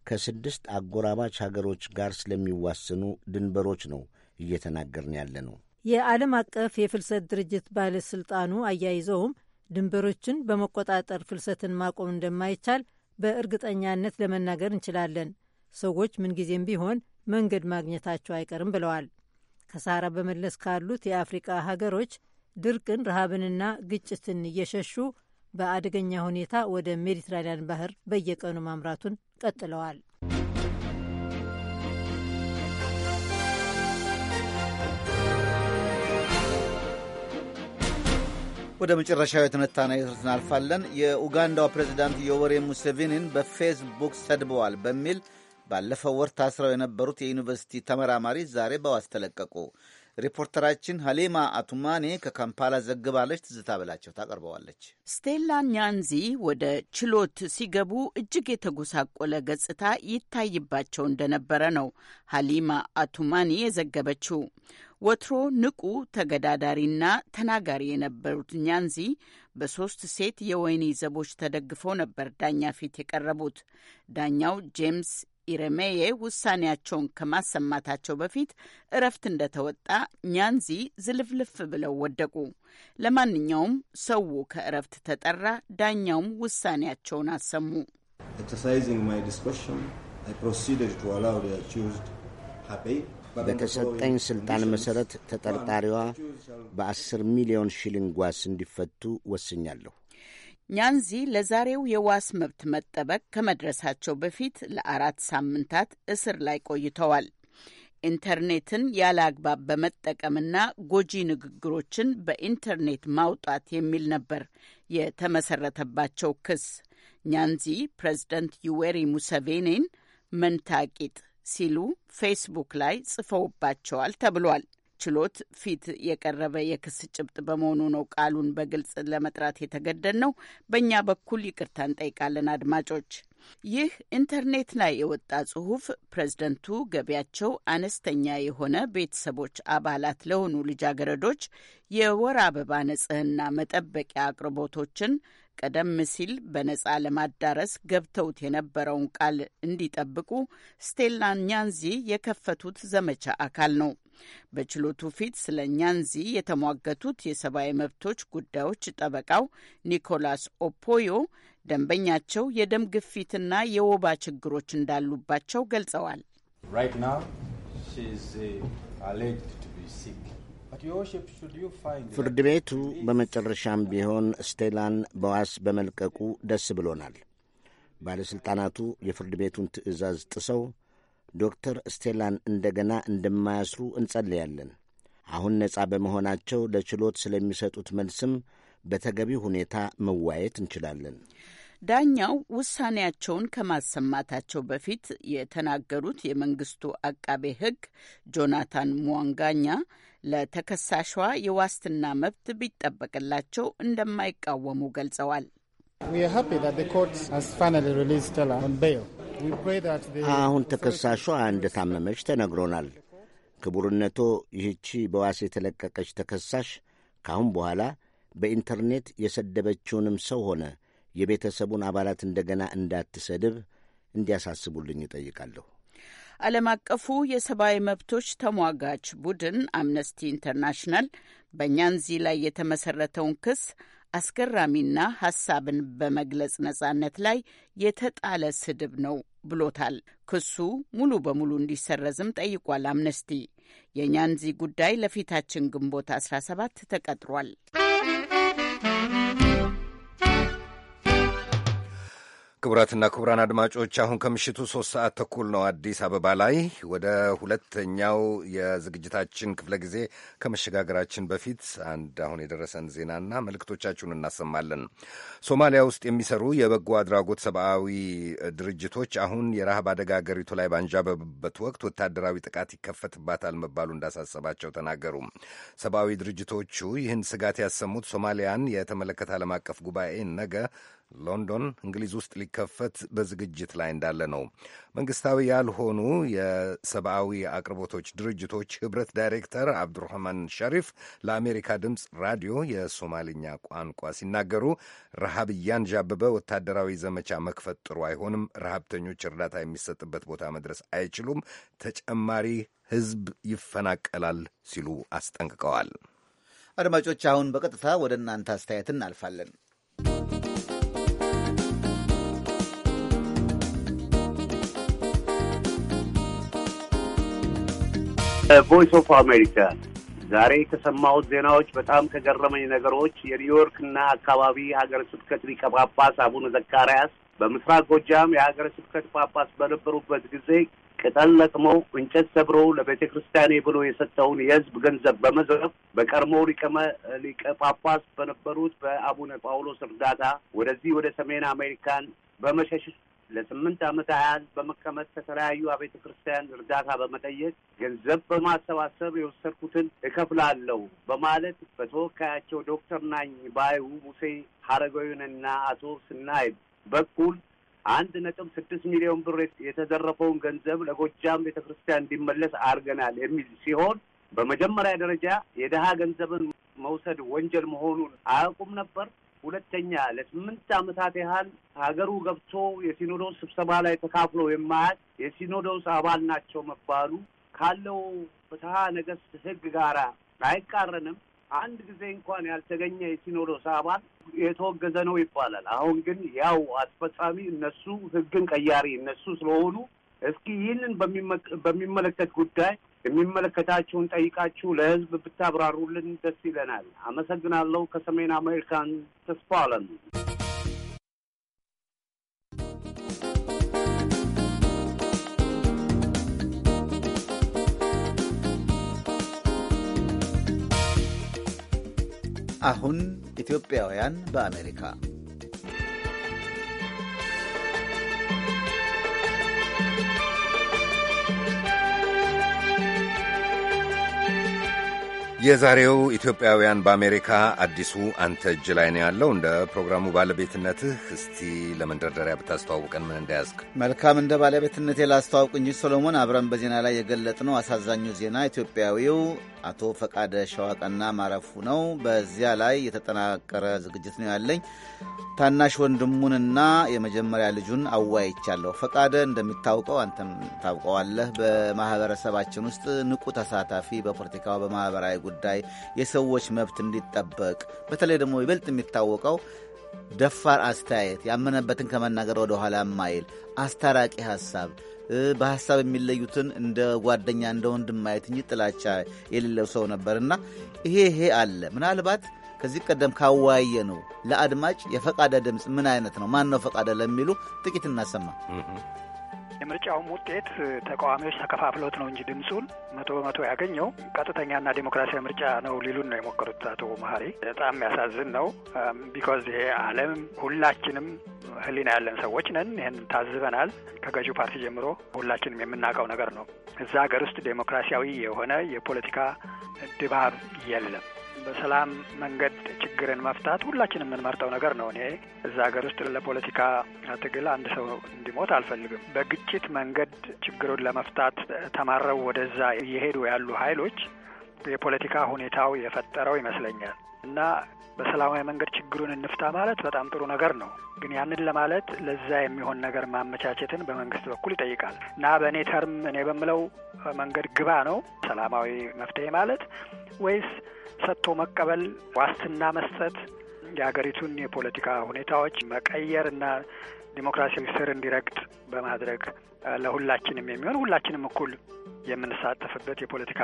ከስድስት አጎራባች ሀገሮች ጋር ስለሚዋሰኑ ድንበሮች ነው እየተናገርን ያለ ነው። የዓለም አቀፍ የፍልሰት ድርጅት ባለስልጣኑ አያይዘውም ድንበሮችን በመቆጣጠር ፍልሰትን ማቆም እንደማይቻል በእርግጠኛነት ለመናገር እንችላለን። ሰዎች ምንጊዜም ቢሆን መንገድ ማግኘታቸው አይቀርም ብለዋል። ከሳራ በመለስ ካሉት የአፍሪቃ ሀገሮች ድርቅን፣ ረሃብንና ግጭትን እየሸሹ በአደገኛ ሁኔታ ወደ ሜዲትራኒያን ባህር በየቀኑ ማምራቱን ቀጥለዋል። ወደ መጨረሻው የትንታኔ እናልፋለን። የኡጋንዳው ፕሬዚዳንት ዮወሬ ሙሴቪኒን በፌስቡክ ሰድበዋል በሚል ባለፈው ወር ታስረው የነበሩት የዩኒቨርሲቲ ተመራማሪ ዛሬ በዋስ ተለቀቁ። ሪፖርተራችን ሀሊማ አቱማኔ ከካምፓላ ዘግባለች። ትዝታ በላቸው ታቀርበዋለች። ስቴላ ኛንዚ ወደ ችሎት ሲገቡ እጅግ የተጎሳቆለ ገጽታ ይታይባቸው እንደነበረ ነው ሀሊማ አቱማኒ የዘገበችው። ወትሮ ንቁ ተገዳዳሪና ተናጋሪ የነበሩት ኛንዚ በሶስት ሴት የወይኒ ዘቦች ተደግፈው ነበር ዳኛ ፊት የቀረቡት። ዳኛው ጄምስ ኢረሜዬ ውሳኔያቸውን ከማሰማታቸው በፊት እረፍት እንደተወጣ ኛንዚ ዝልፍልፍ ብለው ወደቁ። ለማንኛውም ሰው ከእረፍት ተጠራ። ዳኛውም ውሳኔያቸውን አሰሙ። በተሰጠኝ ስልጣን መሰረት ተጠርጣሪዋ በአስር ሚሊዮን ሺሊንግ ጓስ እንዲፈቱ ወስኛለሁ። ኛንዚ ለዛሬው የዋስ መብት መጠበቅ ከመድረሳቸው በፊት ለአራት ሳምንታት እስር ላይ ቆይተዋል። ኢንተርኔትን ያለ አግባብ በመጠቀምና ጎጂ ንግግሮችን በኢንተርኔት ማውጣት የሚል ነበር የተመሰረተባቸው ክስ። ኛንዚ ፕሬዚደንት ዩዌሪ ሙሰቬኒን መንታቂጥ ሲሉ ፌስቡክ ላይ ጽፈውባቸዋል ተብሏል። ችሎት ፊት የቀረበ የክስ ጭብጥ በመሆኑ ነው ቃሉን በግልጽ ለመጥራት የተገደድ ነው። በእኛ በኩል ይቅርታ እንጠይቃለን አድማጮች። ይህ ኢንተርኔት ላይ የወጣ ጽሁፍ ፕሬዝደንቱ ገቢያቸው አነስተኛ የሆነ ቤተሰቦች አባላት ለሆኑ ልጃገረዶች የወር አበባ ንጽህና መጠበቂያ አቅርቦቶችን ቀደም ሲል በነጻ ለማዳረስ ገብተውት የነበረውን ቃል እንዲጠብቁ ስቴላ ኛንዚ የከፈቱት ዘመቻ አካል ነው። በችሎቱ ፊት ስለ ኛንዚ የተሟገቱት የሰብአዊ መብቶች ጉዳዮች ጠበቃው ኒኮላስ ኦፖዮ ደንበኛቸው የደም ግፊትና የወባ ችግሮች እንዳሉባቸው ገልጸዋል። ፍርድ ቤቱ በመጨረሻም ቢሆን ስቴላን በዋስ በመልቀቁ ደስ ብሎናል። ባለሥልጣናቱ የፍርድ ቤቱን ትዕዛዝ ጥሰው ዶክተር ስቴላን እንደገና እንደማያስሩ እንጸልያለን። አሁን ነጻ በመሆናቸው ለችሎት ስለሚሰጡት መልስም በተገቢ ሁኔታ መዋየት እንችላለን። ዳኛው ውሳኔያቸውን ከማሰማታቸው በፊት የተናገሩት የመንግስቱ አቃቤ ሕግ ጆናታን ሙዋንጋኛ ለተከሳሿ የዋስትና መብት ቢጠበቅላቸው እንደማይቃወሙ ገልጸዋል። አሁን ተከሳሿ እንደታመመች ተነግሮናል። ክቡርነቶ ይህቺ በዋስ የተለቀቀች ተከሳሽ ካሁን በኋላ በኢንተርኔት የሰደበችውንም ሰው ሆነ የቤተሰቡን አባላት እንደገና እንዳትሰድብ እንዲያሳስቡልኝ እጠይቃለሁ። ዓለም አቀፉ የሰብአዊ መብቶች ተሟጋች ቡድን አምነስቲ ኢንተርናሽናል በኛንዚ ላይ የተመሰረተውን ክስ አስገራሚና ሀሳብን በመግለጽ ነጻነት ላይ የተጣለ ስድብ ነው ብሎታል። ክሱ ሙሉ በሙሉ እንዲሰረዝም ጠይቋል። አምነስቲ የኛንዚ ጉዳይ ለፊታችን ግንቦት 17 ተቀጥሯል። ክቡራትና ክቡራን አድማጮች አሁን ከምሽቱ ሶስት ሰዓት ተኩል ነው አዲስ አበባ ላይ። ወደ ሁለተኛው የዝግጅታችን ክፍለ ጊዜ ከመሸጋገራችን በፊት አንድ አሁን የደረሰን ዜናና መልእክቶቻችሁን እናሰማለን። ሶማሊያ ውስጥ የሚሰሩ የበጎ አድራጎት ሰብአዊ ድርጅቶች አሁን የረሃብ አደጋ አገሪቱ ላይ ባንዣበበት ወቅት ወታደራዊ ጥቃት ይከፈትባታል መባሉ እንዳሳሰባቸው ተናገሩ። ሰብአዊ ድርጅቶቹ ይህን ስጋት ያሰሙት ሶማሊያን የተመለከተ ዓለም አቀፍ ጉባኤ ነገ ሎንዶን እንግሊዝ ውስጥ ሊከፈት በዝግጅት ላይ እንዳለ ነው። መንግስታዊ ያልሆኑ የሰብአዊ አቅርቦቶች ድርጅቶች ህብረት ዳይሬክተር አብዱራህማን ሸሪፍ ለአሜሪካ ድምፅ ራዲዮ የሶማልኛ ቋንቋ ሲናገሩ ረሃብ እያንዣበበ ወታደራዊ ዘመቻ መክፈት ጥሩ አይሆንም፣ ረሃብተኞች እርዳታ የሚሰጥበት ቦታ መድረስ አይችሉም፣ ተጨማሪ ህዝብ ይፈናቀላል ሲሉ አስጠንቅቀዋል። አድማጮች፣ አሁን በቀጥታ ወደ እናንተ አስተያየት እናልፋለን። ቮይስ ኦፍ አሜሪካ ዛሬ የተሰማሁት ዜናዎች በጣም ከገረመኝ ነገሮች የኒውዮርክና አካባቢ ሀገረ ስብከት ሊቀ ጳጳስ አቡነ ዘካርያስ በምስራቅ ጎጃም የሀገረ ስብከት ጳጳስ በነበሩበት ጊዜ ቅጠል ለቅመው እንጨት ሰብሮ ለቤተ ክርስቲያኔ ብሎ የሰጠውን የሕዝብ ገንዘብ በመዝረፍ በቀድሞ ሊቀ ጳጳስ በነበሩት በአቡነ ጳውሎስ እርዳታ ወደዚህ ወደ ሰሜን አሜሪካን በመሸሽ ለስምንት ዓመት ያህል በመቀመጥ ከተለያዩ አቤተ ክርስቲያን እርዳታ በመጠየቅ ገንዘብ በማሰባሰብ የወሰድኩትን እከፍላለሁ በማለት በተወካያቸው ዶክተር ናኝ ባይሁ ሙሴ ሀረጋዊንና አቶ ስናይ በኩል አንድ ነጥብ ስድስት ሚሊዮን ብር የተዘረፈውን ገንዘብ ለጎጃም ቤተ ክርስቲያን እንዲመለስ አድርገናል የሚል ሲሆን በመጀመሪያ ደረጃ የድሀ ገንዘብን መውሰድ ወንጀል መሆኑን አያውቁም ነበር። ሁለተኛ ለስምንት ዓመታት ያህል ሀገሩ ገብቶ የሲኖዶስ ስብሰባ ላይ ተካፍሎ የማያት የሲኖዶስ አባል ናቸው መባሉ ካለው ፍትሀ ነገስት ህግ ጋራ አይቃረንም። አንድ ጊዜ እንኳን ያልተገኘ የሲኖዶስ አባል የተወገዘ ነው ይባላል። አሁን ግን ያው አስፈጻሚ እነሱ ህግን ቀያሪ እነሱ ስለሆኑ እስኪ ይህንን በሚመለከት ጉዳይ የሚመለከታችሁን ጠይቃችሁ ለህዝብ ብታብራሩልን ደስ ይለናል። አመሰግናለሁ። ከሰሜን አሜሪካን ተስፋ አለም። አሁን ኢትዮጵያውያን በአሜሪካ የዛሬው ኢትዮጵያውያን በአሜሪካ አዲሱ አንተ እጅ ላይ ነው ያለው። እንደ ፕሮግራሙ ባለቤትነትህ እስቲ ለመንደርደሪያ ብታስተዋውቀን ምን እንደያዝክ። መልካም፣ እንደ ባለቤትነቴ ላስተዋውቅ እንጂ አብረን በዜና ላይ ነው። አሳዛኙ ዜና ኢትዮጵያዊው አቶ ፈቃደ ሸዋቀና ማረፉ ነው። በዚያ ላይ የተጠናቀረ ዝግጅት ነው ያለኝ። ታናሽ ወንድሙንና የመጀመሪያ ልጁን አዋይቻለሁ። ፈቃደ እንደሚታውቀው አንተም ታውቀዋለህ፣ በማህበረሰባችን ውስጥ ንቁ ተሳታፊ፣ በፖለቲካው በማህበራዊ ጉዳይ የሰዎች መብት እንዲጠበቅ በተለይ ደግሞ ይበልጥ የሚታወቀው ደፋር አስተያየት ያመነበትን ከመናገር ወደ ኋላ ማይል አስታራቂ ሀሳብ በሀሳብ የሚለዩትን እንደ ጓደኛ እንደ ወንድም ማየት እንጂ ጥላቻ የሌለው ሰው ነበርና ይሄ ይሄ አለ። ምናልባት ከዚህ ቀደም ካወያየ ነው ለአድማጭ የፈቃደ ድምፅ ምን አይነት ነው? ማን ነው ፈቃደ ለሚሉ ጥቂት እናሰማ። የምርጫውም ውጤት ተቃዋሚዎች ተከፋፍሎት ነው እንጂ ድምፁን መቶ በመቶ ያገኘው ቀጥተኛና ዴሞክራሲያዊ ምርጫ ነው ሊሉን ነው የሞከሩት አቶ መሀሪ። በጣም የሚያሳዝን ነው። ቢኮዝ ይሄ ዓለም ሁላችንም ህሊና ያለን ሰዎች ነን። ይህን ታዝበናል። ከገዢው ፓርቲ ጀምሮ ሁላችንም የምናውቀው ነገር ነው። እዛ ሀገር ውስጥ ዴሞክራሲያዊ የሆነ የፖለቲካ ድባብ የለም። በሰላም መንገድ ችግርን መፍታት ሁላችን የምንመርጠው ነገር ነው። እኔ እዛ ሀገር ውስጥ ለፖለቲካ ትግል አንድ ሰው እንዲሞት አልፈልግም። በግጭት መንገድ ችግሩን ለመፍታት ተማረው ወደዛ እየሄዱ ያሉ ኃይሎች የፖለቲካ ሁኔታው የፈጠረው ይመስለኛል እና በሰላማዊ መንገድ ችግሩን እንፍታ ማለት በጣም ጥሩ ነገር ነው። ግን ያንን ለማለት ለዛ የሚሆን ነገር ማመቻቸትን በመንግስት በኩል ይጠይቃል እና በእኔ ተርም እኔ በምለው መንገድ ግባ ነው ሰላማዊ መፍትሄ ማለት ወይስ ሰጥቶ መቀበል፣ ዋስትና መስጠት፣ የሀገሪቱን የፖለቲካ ሁኔታዎች መቀየርና ዲሞክራሲያዊ ስር እንዲረግጥ በማድረግ ለሁላችንም የሚሆን ሁላችንም እኩል የምንሳተፍበት የፖለቲካ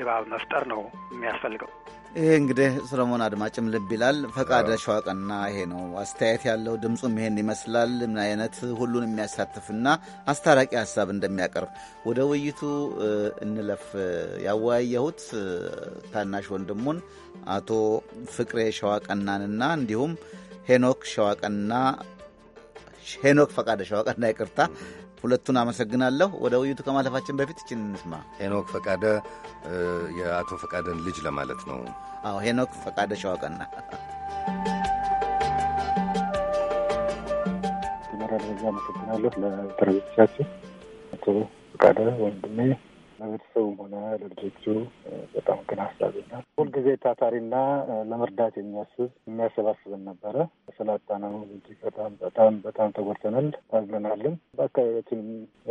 ድባብ መፍጠር ነው የሚያስፈልገው። ይህ እንግዲህ ሰሎሞን አድማጭም ልብ ይላል። ፈቃደ ሸዋቀና ይሄ ነው አስተያየት ያለው ድምፁም ይሄን ይመስላል። ምን አይነት ሁሉን የሚያሳትፍና አስታራቂ ሀሳብ እንደሚያቀርብ ወደ ውይይቱ እንለፍ። ያወያየሁት ታናሽ ወንድሙን አቶ ፍቅሬ ሸዋቀናንና እንዲሁም ሄኖክ ሸዋቀና ሄኖክ ፈቃደ ሸዋቀና ይቅርታ፣ ሁለቱን አመሰግናለሁ። ወደ ውይይቱ ከማለፋችን በፊት እችን እንስማ። ሄኖክ ፈቃደ የአቶ ፈቃደን ልጅ ለማለት ነው። አዎ ሄኖክ ፈቃደ ሸዋቀና መጀመሪያ ደረጃ አመሰግናለሁ ለኢንተርቪቻችን አቶ ፈቃደ ወንድሜ ለቤተሰቡም ሆነ ለልጆቹ በጣም ግን አሳቢና ሁልጊዜ ታታሪና ለመርዳት የሚያስብ የሚያሰባስብን ነበረ። ስላጣነው እጅግ በጣም በጣም በጣም ተጎድተናል፣ ታዝለናልም። በአካባቢያችን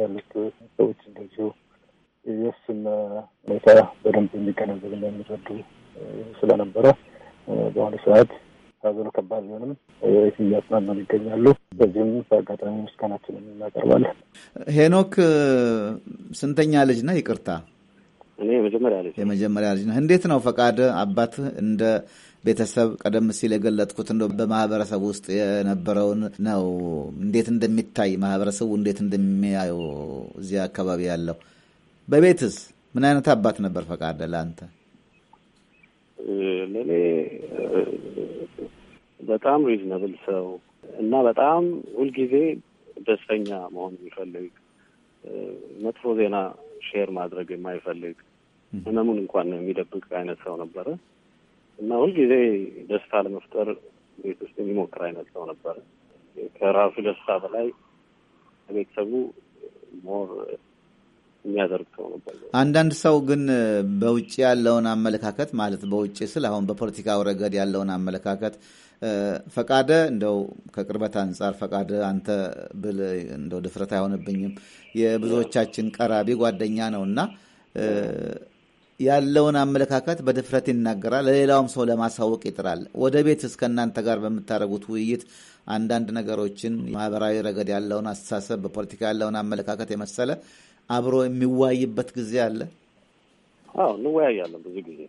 ያሉት ሰዎች እንደዚሁ የሱን ሁኔታ በደንብ የሚገነዘብ ና የሚረዱ ስለነበረ በአሁኑ ሰዓት ሀዘኑ ከባድ ቢሆንም ስ እያጽናናን ይገኛሉ። በዚህም በአጋጣሚ ምስጋናችንን እናቀርባለን። ሄኖክ ስንተኛ ልጅ ነህ? ይቅርታ እኔ የመጀመሪያ ልጅ የመጀመሪያ ልጅ ነህ። እንዴት ነው ፈቃድ አባት እንደ ቤተሰብ ቀደም ሲል የገለጥኩት እንደ በማህበረሰብ ውስጥ የነበረውን ነው። እንዴት እንደሚታይ ማህበረሰቡ እንዴት እንደሚያየው እዚህ አካባቢ ያለው በቤትስ ምን አይነት አባት ነበር ፈቃደ ለአንተ? ለእኔ በጣም ሪዝነብል ሰው እና በጣም ሁልጊዜ ደስተኛ መሆን የሚፈልግ መጥፎ ዜና ሼር ማድረግ የማይፈልግ ህመሙን እንኳን የሚደብቅ አይነት ሰው ነበረ እና ሁልጊዜ ደስታ ለመፍጠር ቤት ውስጥ የሚሞክር አይነት ሰው ነበረ። ከራሱ ደስታ በላይ ቤተሰቡ ሞር የሚያደርግ ሰው ነበር። አንዳንድ ሰው ግን በውጭ ያለውን አመለካከት ማለት በውጭ ስል አሁን በፖለቲካው ረገድ ያለውን አመለካከት ፈቃደ እንደው ከቅርበት አንጻር ፈቃደ አንተ ብል እንደው ድፍረት አይሆንብኝም የብዙዎቻችን ቀራቢ ጓደኛ ነው እና ያለውን አመለካከት በድፍረት ይናገራል፣ ለሌላውም ሰው ለማሳወቅ ይጥራል። ወደ ቤት እስከ እናንተ ጋር በምታደርጉት ውይይት አንዳንድ ነገሮችን ማህበራዊ ረገድ ያለውን አስተሳሰብ፣ በፖለቲካ ያለውን አመለካከት የመሰለ አብሮ የሚዋይበት ጊዜ አለ? አዎ እንወያያለን። ብዙ ጊዜ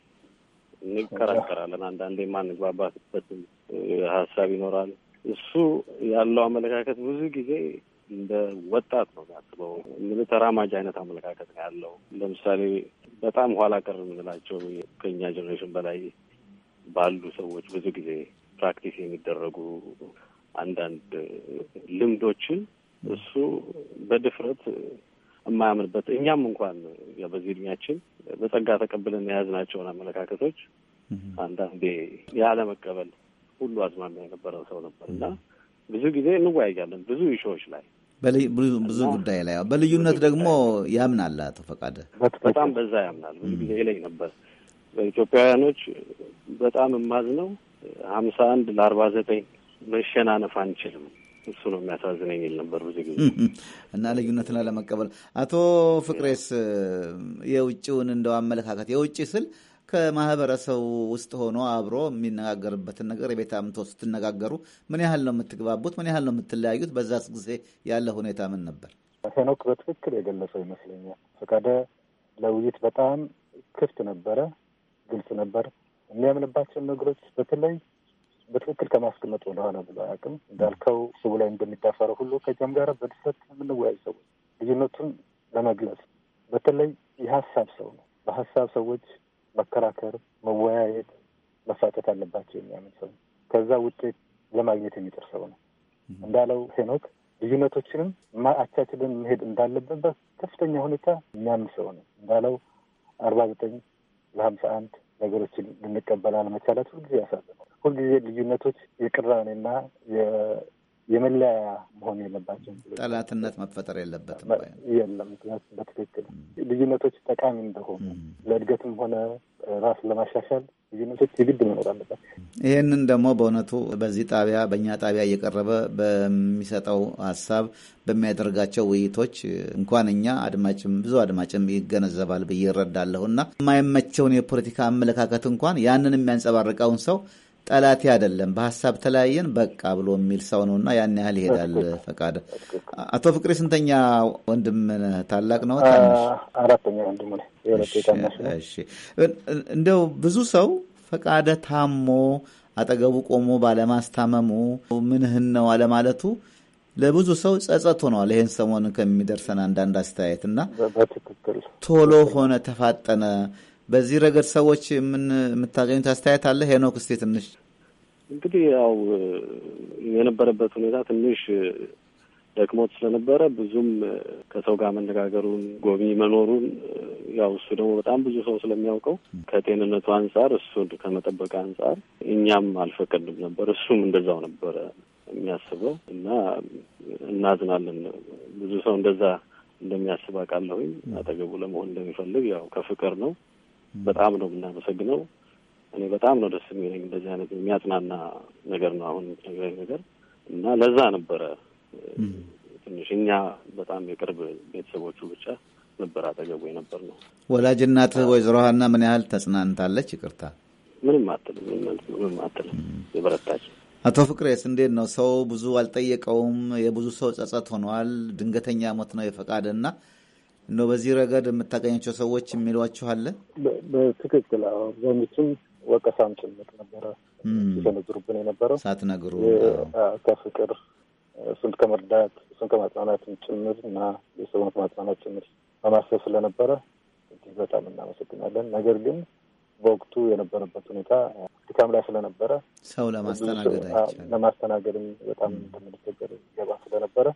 እንከራከራለን። አንዳንዴ የማንግባባትበትም ሀሳብ ይኖራል። እሱ ያለው አመለካከት ብዙ ጊዜ እንደ ወጣት ነው የሚያስበው። ምን ተራማጅ አይነት አመለካከት ነው ያለው። ለምሳሌ በጣም ኋላ ቀር የምንላቸው ከኛ ጀኔሬሽን በላይ ባሉ ሰዎች ብዙ ጊዜ ፕራክቲስ የሚደረጉ አንዳንድ ልምዶችን እሱ በድፍረት የማያምንበት እኛም እንኳን በዚህ እድሜያችን በጸጋ ተቀብለን የያዝናቸውን አመለካከቶች አንዳንዴ ያለመቀበል ሁሉ አዝማሚያ የነበረን ሰው ነበር እና ብዙ ጊዜ እንወያያለን ብዙ ኢሾዎች ላይ ብዙ ጉዳይ ላይ በልዩነት ደግሞ ያምናል። አቶ ፈቃደ በጣም በዛ ያምናል። ብዙ ጊዜ ይለኝ ነበር በኢትዮጵያውያኖች በጣም የማዝነው ሀምሳ አንድ ለአርባ ዘጠኝ መሸናነፍ አንችልም እሱ ነው የሚያሳዝነኝ ይል ነበር ብዙ ጊዜ እና ልዩነትን ለመቀበል አቶ ፍቅሬስ የውጭውን እንደው አመለካከት የውጭ ስል ከማህበረሰቡ ውስጥ ሆኖ አብሮ የሚነጋገርበትን ነገር የቤት አምቶ ስትነጋገሩ ምን ያህል ነው የምትግባቡት? ምን ያህል ነው የምትለያዩት? በዛ ጊዜ ያለ ሁኔታ ምን ነበር? ሄኖክ በትክክል የገለጸው ይመስለኛል። ፈቃደ ለውይይት በጣም ክፍት ነበረ፣ ግልጽ ነበር። የሚያምንባቸውን ነገሮች በተለይ በትክክል ከማስቀመጥ ወደኋላ ብሎ አያውቅም። እንዳልከው ስቡ ላይ እንደሚዳፈረው ሁሉ ከዚያም ጋር በድፍረት የምንወያይ ሰዎች ልዩነቱን ለመግለጽ በተለይ የሀሳብ ሰው ነው። በሀሳብ ሰዎች መከራከር፣ መወያየት፣ መፋጠት አለባቸው የሚያምን ሰው ነው። ከዛ ውጤት ለማግኘት የሚጥር ሰው ነው። እንዳለው ሄኖክ ልዩነቶችንም አቻችልን መሄድ እንዳለብን በከፍተኛ ሁኔታ የሚያምን ሰው ነው። እንዳለው አርባ ዘጠኝ ለሀምሳ አንድ ነገሮችን ልንቀበል አለመቻላት ሁልጊዜ ያሳዝናል። ሁልጊዜ ልዩነቶች የቅራኔና የመለያ መሆን የለባቸው። ጠላትነት መፈጠር የለበትም የለም። ምክንያቱም በትክክል ልዩነቶች ጠቃሚ እንደሆኑ ለእድገትም ሆነ ራስ ለማሻሻል ይህንን ደግሞ በእውነቱ በዚህ ጣቢያ በእኛ ጣቢያ እየቀረበ በሚሰጠው ሀሳብ በሚያደርጋቸው ውይይቶች እንኳን እኛ አድማጭም ብዙ አድማጭም ይገነዘባል ብዬ እረዳለሁ እና የማይመቸውን የፖለቲካ አመለካከት እንኳን ያንን የሚያንጸባርቀውን ሰው ጠላቴ አይደለም፣ በሀሳብ ተለያየን በቃ ብሎ የሚል ሰው ነውና ያን ያህል ይሄዳል። ፈቃደ አቶ ፍቅሬ ስንተኛ ወንድም ታላቅ ነው? አራተኛ ወንድም እንደው ብዙ ሰው ፈቃደ ታሞ አጠገቡ ቆሞ ባለማስታመሙ ምንህን ነው አለማለቱ ለብዙ ሰው ጸጸት ሆኗል። ይህን ሰሞን ከሚደርሰን አንዳንድ አስተያየት እና ቶሎ ሆነ ተፋጠነ በዚህ ረገድ ሰዎች ምን የምታገኙት አስተያየት አለ? ሄኖክ እስቲ ትንሽ እንግዲህ ያው የነበረበት ሁኔታ ትንሽ ደክሞት ስለነበረ ብዙም ከሰው ጋር መነጋገሩን ጎብኚ መኖሩን ያው እሱ ደግሞ በጣም ብዙ ሰው ስለሚያውቀው ከጤንነቱ አንጻር እሱን ከመጠበቅ አንጻር እኛም አልፈቀድም ነበር። እሱም እንደዛው ነበረ የሚያስበው እና እናዝናለን። ብዙ ሰው እንደዛ እንደሚያስብ አውቃለሁኝ። አጠገቡ ለመሆን እንደሚፈልግ ያው ከፍቅር ነው በጣም ነው የምናመሰግነው። እኔ በጣም ነው ደስ የሚለኝ። እንደዚህ አይነት የሚያጽናና ነገር ነው አሁን የምትነግረኝ ነገር እና ለዛ ነበረ ትንሽ እኛ በጣም የቅርብ ቤተሰቦቹ ብቻ ነበር አጠገቡ የነበር ነው። ወላጅ እናትህ ወይዘሮ ሀና ምን ያህል ተጽናንታለች? ይቅርታ ምንም አትልም፣ ምንም አትልም። የበረታች አቶ ፍቅሬስ እንዴት ነው? ሰው ብዙ አልጠየቀውም። የብዙ ሰው ጸጸት ሆኗል። ድንገተኛ ሞት ነው የፈቃደ እና እንደው በዚህ ረገድ የምታገኛቸው ሰዎች የሚሏችሁ አለ? በትክክል አብዛኞቹም ወቀሳም ጭምር ነበረ ሲሰነዝሩብን የነበረው ሳትነግሩ ከፍቅር እሱን ከመርዳት እሱን ከማጽናናትም ጭምር እና የሰውነት ማጽናናት ጭምር በማሰብ ስለነበረ በጣም እናመሰግናለን። ነገር ግን በወቅቱ የነበረበት ሁኔታ ድካም ላይ ስለነበረ ሰው ለማስተናገድ ለማስተናገድም በጣም እንደምንቸገር ገባ ስለነበረ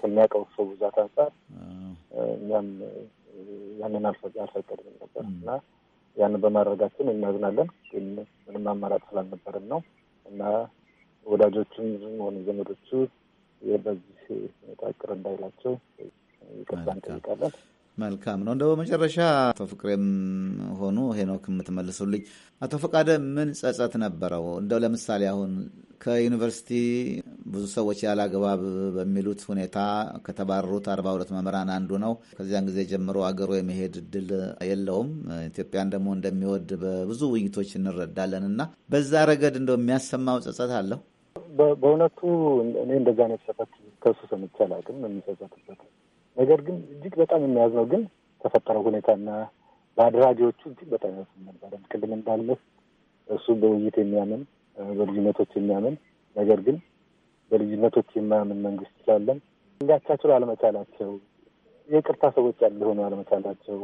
ከሚያውቀው ሰው ብዛት አንጻር እኛም ያንን አልፈቀድንም ነበር እና ያንን በማድረጋችን እናዝናለን፣ ግን ምንም አማራጭ ስላልነበረን ነው እና ወዳጆቹም ሆኑ ዘመዶቹ በዚህ ሁኔታ ቅር እንዳይላቸው ይቅርታ እንጠይቃለን። መልካም ነው። እንደው በመጨረሻ አቶ ፍቅሬም ሆኑ ሄኖክ የምትመልሱልኝ፣ አቶ ፈቃደ ምን ጸጸት ነበረው? እንደው ለምሳሌ አሁን ከዩኒቨርሲቲ ብዙ ሰዎች ያለ አግባብ በሚሉት ሁኔታ ከተባረሩት አርባ ሁለት መምህራን አንዱ ነው። ከዚያን ጊዜ ጀምሮ አገሩ የመሄድ እድል የለውም። ኢትዮጵያን ደግሞ እንደሚወድ በብዙ ውይይቶች እንረዳለን እና በዛ ረገድ እንደው የሚያሰማው ጸጸት አለው። በእውነቱ እኔ እንደዛ ነው ሰፈት ከሱ ሰምቼ አላውቅም የሚጸጸትበት ነገር ግን እጅግ በጣም የሚያዝነው ግን ተፈጠረው ሁኔታና በአድራጊዎቹ እጅግ በጣም ያስ ነበረ። ቅድም እንዳልነት እሱ በውይይት የሚያምን በልዩነቶች የሚያምን ነገር ግን በልዩነቶች የማያምን መንግስት ስላለን ሊያቻችሉ አለመቻላቸው፣ የቅርታ ሰዎች ያለ ሊሆኑ አለመቻላቸው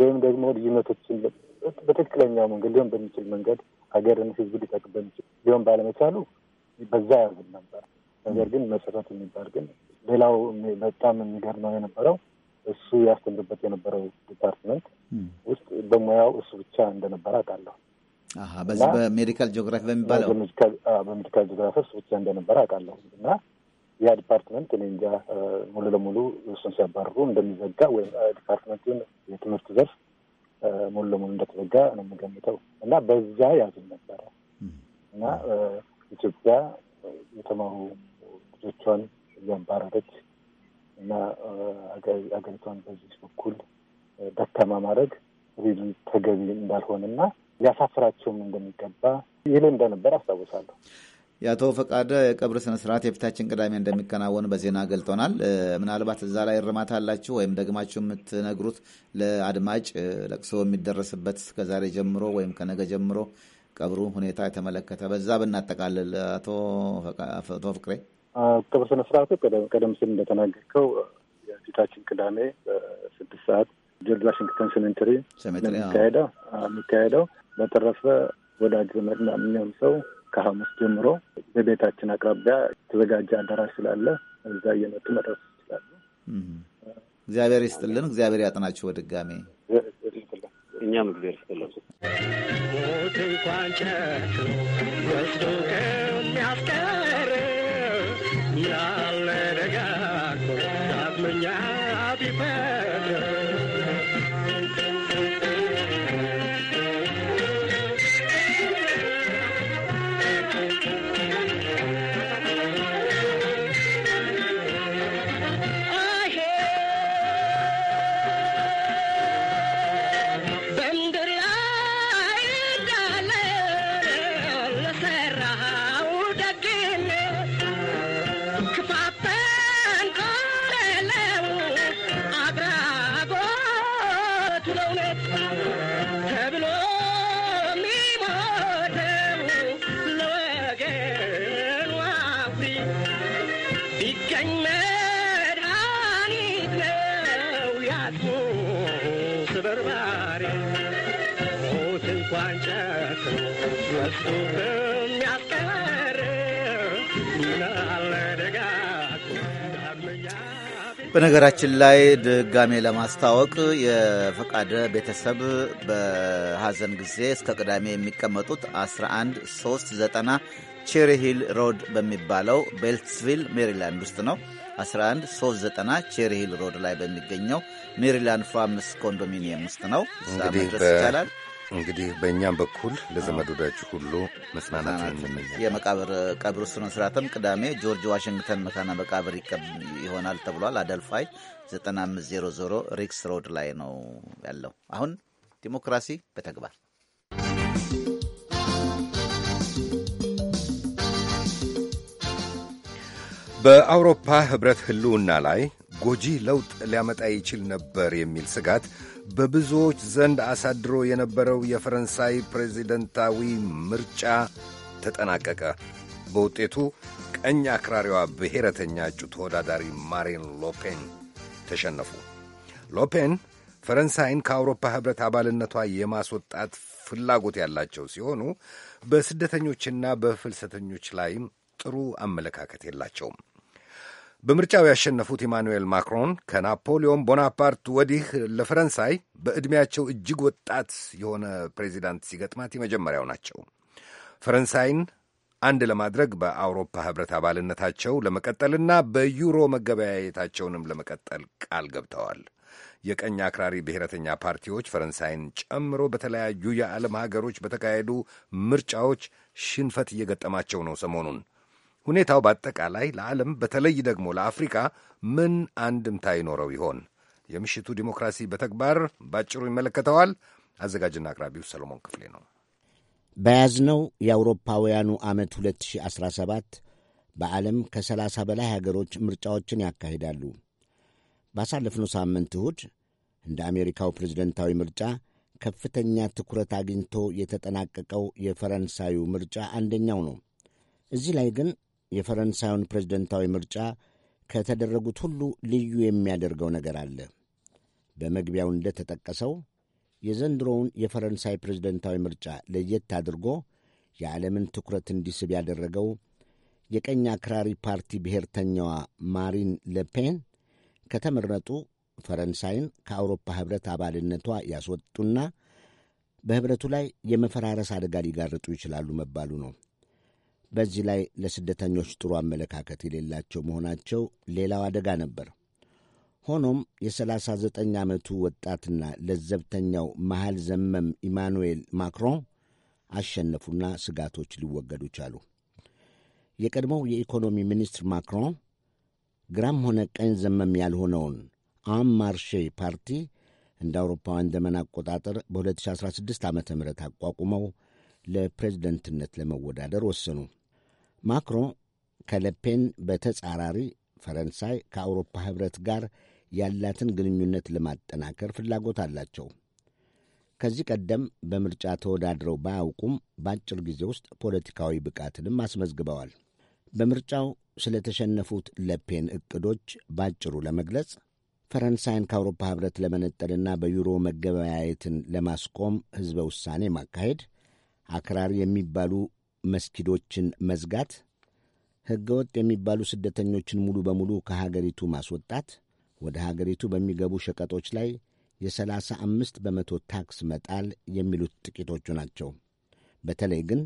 ወይም ደግሞ ልዩነቶችን በትክክለኛው መንገድ ሊሆን በሚችል መንገድ ሀገርን፣ ህዝብ ሊጠቅም በሚችል ሊሆን ባለመቻሉ በዛ ያዝን ነበር። ነገር ግን መሰረት የሚባል ግን ሌላው በጣም የሚገርመው የነበረው እሱ ያስተምርበት የነበረው ዲፓርትመንት ውስጥ በሙያው እሱ ብቻ እንደነበረ አውቃለሁ። በዚህ በሜዲካል ጂኦግራፊ በሚባለው በሜዲካል ጂኦግራፊ እሱ ብቻ እንደነበረ አውቃለሁ እና ያ ዲፓርትመንት እኔ እንጃ ሙሉ ለሙሉ እሱን ሲያባርሩ እንደሚዘጋ ወይም ዲፓርትመንቱን የትምህርት ዘርፍ ሙሉ ለሙሉ እንደተዘጋ ነው የምገምተው እና በዛ ያዝን ነበረ እና ኢትዮጵያ የተማሩ ልጆቿን እያባረረች እና አገሪቷን በዚህ በኩል ደካማ ማድረግ ሪሊ ተገቢ እንዳልሆነና ሊያሳፍራቸውም እንደሚገባ ይል እንደነበር አስታውሳለሁ። የአቶ ፈቃደ የቀብር ስነስርዓት የፊታችን ቅዳሜ እንደሚከናወን በዜና ገልጠናል። ምናልባት እዛ ላይ እርማት አላችሁ ወይም ደግማችሁ የምትነግሩት ለአድማጭ ለቅሶ የሚደረስበት ከዛሬ ጀምሮ ወይም ከነገ ጀምሮ ቀብሩ ሁኔታ የተመለከተ በዛ ብናጠቃልል አቶ ፍቅሬ ክብር ስርዓቱ ቀደም ሲል እንደተናገርከው የፊታችን ቅዳሜ በስድስት ሰዓት ጆርጅ ዋሽንግተን ሴሜንተሪ የሚካሄደው የሚካሄደው በተረፈ ወዳጅ ዘመድ ማንኛውም ሰው ከሐሙስ ጀምሮ በቤታችን አቅራቢያ የተዘጋጀ አዳራሽ ስላለ እዛ እየመጡ መድረስ ይችላሉ። እግዚአብሔር ይስጥልን። እግዚአብሔር ያጥናችሁ። በድጋሜ እኛም እግዚአብሔር ይስጥልን። ሞት ወስዶ ከሚያስቀር ያለ ደጋ በነገራችን ላይ ድጋሜ ለማስታወቅ የፈቃደ ቤተሰብ በሐዘን ጊዜ እስከ ቅዳሜ የሚቀመጡት 11390 ቼሪ ሂል ሮድ በሚባለው ቤልትስቪል ሜሪላንድ ውስጥ ነው። 11390 ቼሪ ሂል ሮድ ላይ በሚገኘው ሜሪላንድ ፋርምስ ኮንዶሚኒየም ውስጥ ነው። እዛ መድረስ ይቻላል። እንግዲህ በእኛም በኩል ለዘመድ ወዳጅ ሁሉ መጽናናት እንመኛለን። የመቃብር ቀብር ስነ ስርዓትም ቅዳሜ ጆርጅ ዋሽንግተን መካና መቃብር ይሆናል ተብሏል። አደልፋይ 9500 ሪክስ ሮድ ላይ ነው ያለው። አሁን ዲሞክራሲ በተግባር በአውሮፓ ህብረት ህልውና ላይ ጎጂ ለውጥ ሊያመጣ ይችል ነበር የሚል ስጋት በብዙዎች ዘንድ አሳድሮ የነበረው የፈረንሳይ ፕሬዚደንታዊ ምርጫ ተጠናቀቀ። በውጤቱ ቀኝ አክራሪዋ ብሔረተኛ እጩ ተወዳዳሪ ማሪን ሎፔን ተሸነፉ። ሎፔን ፈረንሳይን ከአውሮፓ ኅብረት አባልነቷ የማስወጣት ፍላጎት ያላቸው ሲሆኑ በስደተኞችና በፍልሰተኞች ላይም ጥሩ አመለካከት የላቸውም። በምርጫው ያሸነፉት ኢማኑኤል ማክሮን ከናፖሊዮን ቦናፓርት ወዲህ ለፈረንሳይ በዕድሜያቸው እጅግ ወጣት የሆነ ፕሬዚዳንት ሲገጥማት የመጀመሪያው ናቸው። ፈረንሳይን አንድ ለማድረግ በአውሮፓ ህብረት አባልነታቸው ለመቀጠልና በዩሮ መገበያየታቸውንም ለመቀጠል ቃል ገብተዋል። የቀኝ አክራሪ ብሔረተኛ ፓርቲዎች ፈረንሳይን ጨምሮ በተለያዩ የዓለም ሀገሮች በተካሄዱ ምርጫዎች ሽንፈት እየገጠማቸው ነው ሰሞኑን ሁኔታው በአጠቃላይ ለዓለም በተለይ ደግሞ ለአፍሪካ ምን አንድምታ ይኖረው ይሆን? የምሽቱ ዲሞክራሲ በተግባር ባጭሩ ይመለከተዋል። አዘጋጅና አቅራቢው ሰሎሞን ክፍሌ ነው። በያዝነው የአውሮፓውያኑ ዓመት 2017 በዓለም ከ30 በላይ ሀገሮች ምርጫዎችን ያካሂዳሉ። ባሳለፍነው ሳምንት እሁድ እንደ አሜሪካው ፕሬዝደንታዊ ምርጫ ከፍተኛ ትኩረት አግኝቶ የተጠናቀቀው የፈረንሳዩ ምርጫ አንደኛው ነው። እዚህ ላይ ግን የፈረንሳዩን ፕሬዝደንታዊ ምርጫ ከተደረጉት ሁሉ ልዩ የሚያደርገው ነገር አለ። በመግቢያው እንደተጠቀሰው የዘንድሮውን የፈረንሳይ ፕሬዝደንታዊ ምርጫ ለየት አድርጎ የዓለምን ትኩረት እንዲስብ ያደረገው የቀኝ አክራሪ ፓርቲ ብሔርተኛዋ ማሪን ለፔን ከተመረጡ ፈረንሳይን ከአውሮፓ ኅብረት አባልነቷ ያስወጡና በኅብረቱ ላይ የመፈራረስ አደጋ ሊጋርጡ ይችላሉ መባሉ ነው። በዚህ ላይ ለስደተኞች ጥሩ አመለካከት የሌላቸው መሆናቸው ሌላው አደጋ ነበር። ሆኖም የ39 ዓመቱ ወጣትና ለዘብተኛው መሐል ዘመም ኢማኑኤል ማክሮን አሸነፉና ስጋቶች ሊወገዱ ቻሉ። የቀድሞው የኢኮኖሚ ሚኒስትር ማክሮን ግራም ሆነ ቀኝ ዘመም ያልሆነውን አም ማርሼ ፓርቲ እንደ አውሮፓውያን ዘመን አቆጣጠር በ2016 ዓ ም አቋቁመው ለፕሬዝደንትነት ለመወዳደር ወሰኑ። ማክሮን ከለፔን በተጻራሪ ፈረንሳይ ከአውሮፓ ኅብረት ጋር ያላትን ግንኙነት ለማጠናከር ፍላጎት አላቸው። ከዚህ ቀደም በምርጫ ተወዳድረው ባያውቁም በአጭር ጊዜ ውስጥ ፖለቲካዊ ብቃትንም አስመዝግበዋል። በምርጫው ስለተሸነፉት ለፔን ዕቅዶች ባጭሩ ለመግለጽ ፈረንሳይን ከአውሮፓ ኅብረት ለመነጠልና በዩሮ መገበያየትን ለማስቆም ሕዝበ ውሳኔ ማካሄድ አክራሪ የሚባሉ መስጊዶችን መዝጋት፣ ሕገወጥ የሚባሉ ስደተኞችን ሙሉ በሙሉ ከሀገሪቱ ማስወጣት፣ ወደ ሀገሪቱ በሚገቡ ሸቀጦች ላይ የሰላሳ አምስት በመቶ ታክስ መጣል የሚሉት ጥቂቶቹ ናቸው። በተለይ ግን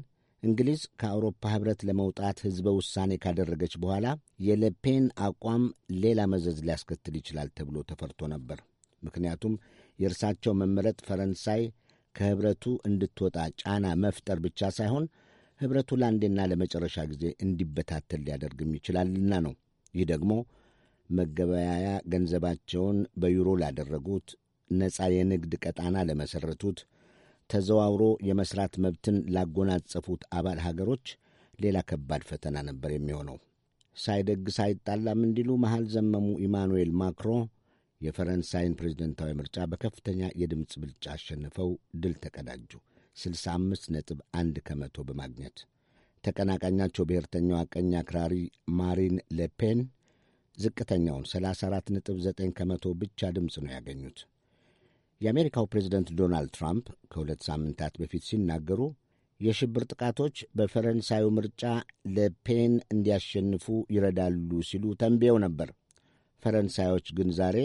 እንግሊዝ ከአውሮፓ ኅብረት ለመውጣት ሕዝበ ውሳኔ ካደረገች በኋላ የለፔን አቋም ሌላ መዘዝ ሊያስከትል ይችላል ተብሎ ተፈርቶ ነበር። ምክንያቱም የእርሳቸው መመረጥ ፈረንሳይ ከህብረቱ እንድትወጣ ጫና መፍጠር ብቻ ሳይሆን ህብረቱ ለአንዴና ለመጨረሻ ጊዜ እንዲበታተል ሊያደርግም ይችላልና ነው። ይህ ደግሞ መገበያያ ገንዘባቸውን በዩሮ ላደረጉት፣ ነፃ የንግድ ቀጣና ለመሠረቱት፣ ተዘዋውሮ የመሥራት መብትን ላጎናጸፉት አባል ሀገሮች ሌላ ከባድ ፈተና ነበር የሚሆነው። ሳይደግስ አይጣላም እንዲሉ መሐል ዘመሙ ኢማኑኤል ማክሮን የፈረንሳይን ፕሬዝደንታዊ ምርጫ በከፍተኛ የድምፅ ብልጫ አሸንፈው ድል ተቀዳጁ 65 ነጥብ 1 ከመቶ በማግኘት ተቀናቃኛቸው ብሔርተኛዋ ቀኝ አክራሪ ማሪን ሌፔን ዝቅተኛውን 34 ነጥብ 9 ከመቶ ብቻ ድምፅ ነው ያገኙት። የአሜሪካው ፕሬዝደንት ዶናልድ ትራምፕ ከሁለት ሳምንታት በፊት ሲናገሩ የሽብር ጥቃቶች በፈረንሳዩ ምርጫ ለፔን እንዲያሸንፉ ይረዳሉ ሲሉ ተንብየው ነበር። ፈረንሳዮች ግን ዛሬ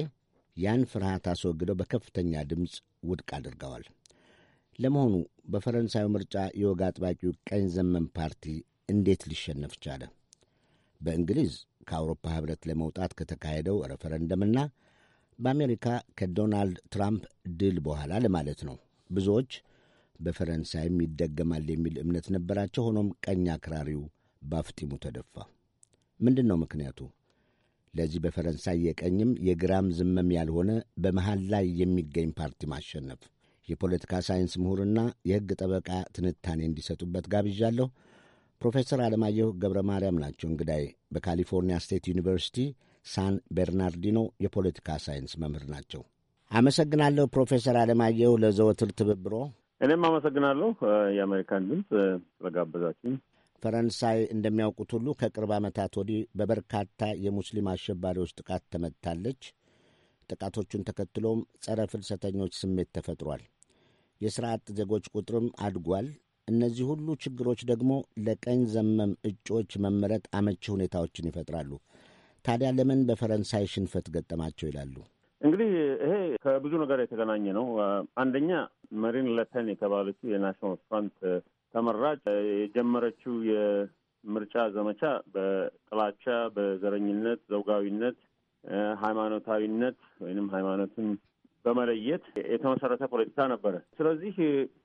ያን ፍርሃት አስወግደው በከፍተኛ ድምፅ ውድቅ አድርገዋል። ለመሆኑ በፈረንሳዩ ምርጫ የወግ አጥባቂው ቀኝ ዘመን ፓርቲ እንዴት ሊሸነፍ ቻለ? በእንግሊዝ ከአውሮፓ ኅብረት ለመውጣት ከተካሄደው ሬፈረንደምና በአሜሪካ ከዶናልድ ትራምፕ ድል በኋላ ለማለት ነው። ብዙዎች በፈረንሳይም ይደገማል የሚል እምነት ነበራቸው። ሆኖም ቀኝ አክራሪው ባፍጢሙ ተደፋ። ምንድን ነው ምክንያቱ? ለዚህ በፈረንሳይ የቀኝም የግራም ዝመም ያልሆነ በመሃል ላይ የሚገኝ ፓርቲ ማሸነፍ የፖለቲካ ሳይንስ ምሁርና የሕግ ጠበቃ ትንታኔ እንዲሰጡበት ጋብዣለሁ። ፕሮፌሰር አለማየሁ ገብረ ማርያም ናቸው እንግዳይ። በካሊፎርኒያ ስቴት ዩኒቨርሲቲ ሳን ቤርናርዲኖ የፖለቲካ ሳይንስ መምህር ናቸው። አመሰግናለሁ ፕሮፌሰር አለማየሁ ለዘወትር ትብብሮ። እኔም አመሰግናለሁ የአሜሪካን ድምፅ ስለጋበዛችን። ፈረንሳይ እንደሚያውቁት ሁሉ ከቅርብ ዓመታት ወዲህ በበርካታ የሙስሊም አሸባሪዎች ጥቃት ተመትታለች። ጥቃቶቹን ተከትሎም ጸረ ፍልሰተኞች ስሜት ተፈጥሯል። የሥራ አጥ ዜጎች ቁጥርም አድጓል። እነዚህ ሁሉ ችግሮች ደግሞ ለቀኝ ዘመም እጩዎች መመረጥ አመቺ ሁኔታዎችን ይፈጥራሉ። ታዲያ ለምን በፈረንሳይ ሽንፈት ገጠማቸው ይላሉ። እንግዲህ ይሄ ከብዙ ነገር የተገናኘ ነው። አንደኛ መሪን ለፔን የተባለችው የናሽናል ፍራንት ተመራጭ የጀመረችው የምርጫ ዘመቻ በጥላቻ፣ በዘረኝነት፣ ዘውጋዊነት፣ ሃይማኖታዊነት ወይንም ሃይማኖትን በመለየት የተመሰረተ ፖለቲካ ነበረ። ስለዚህ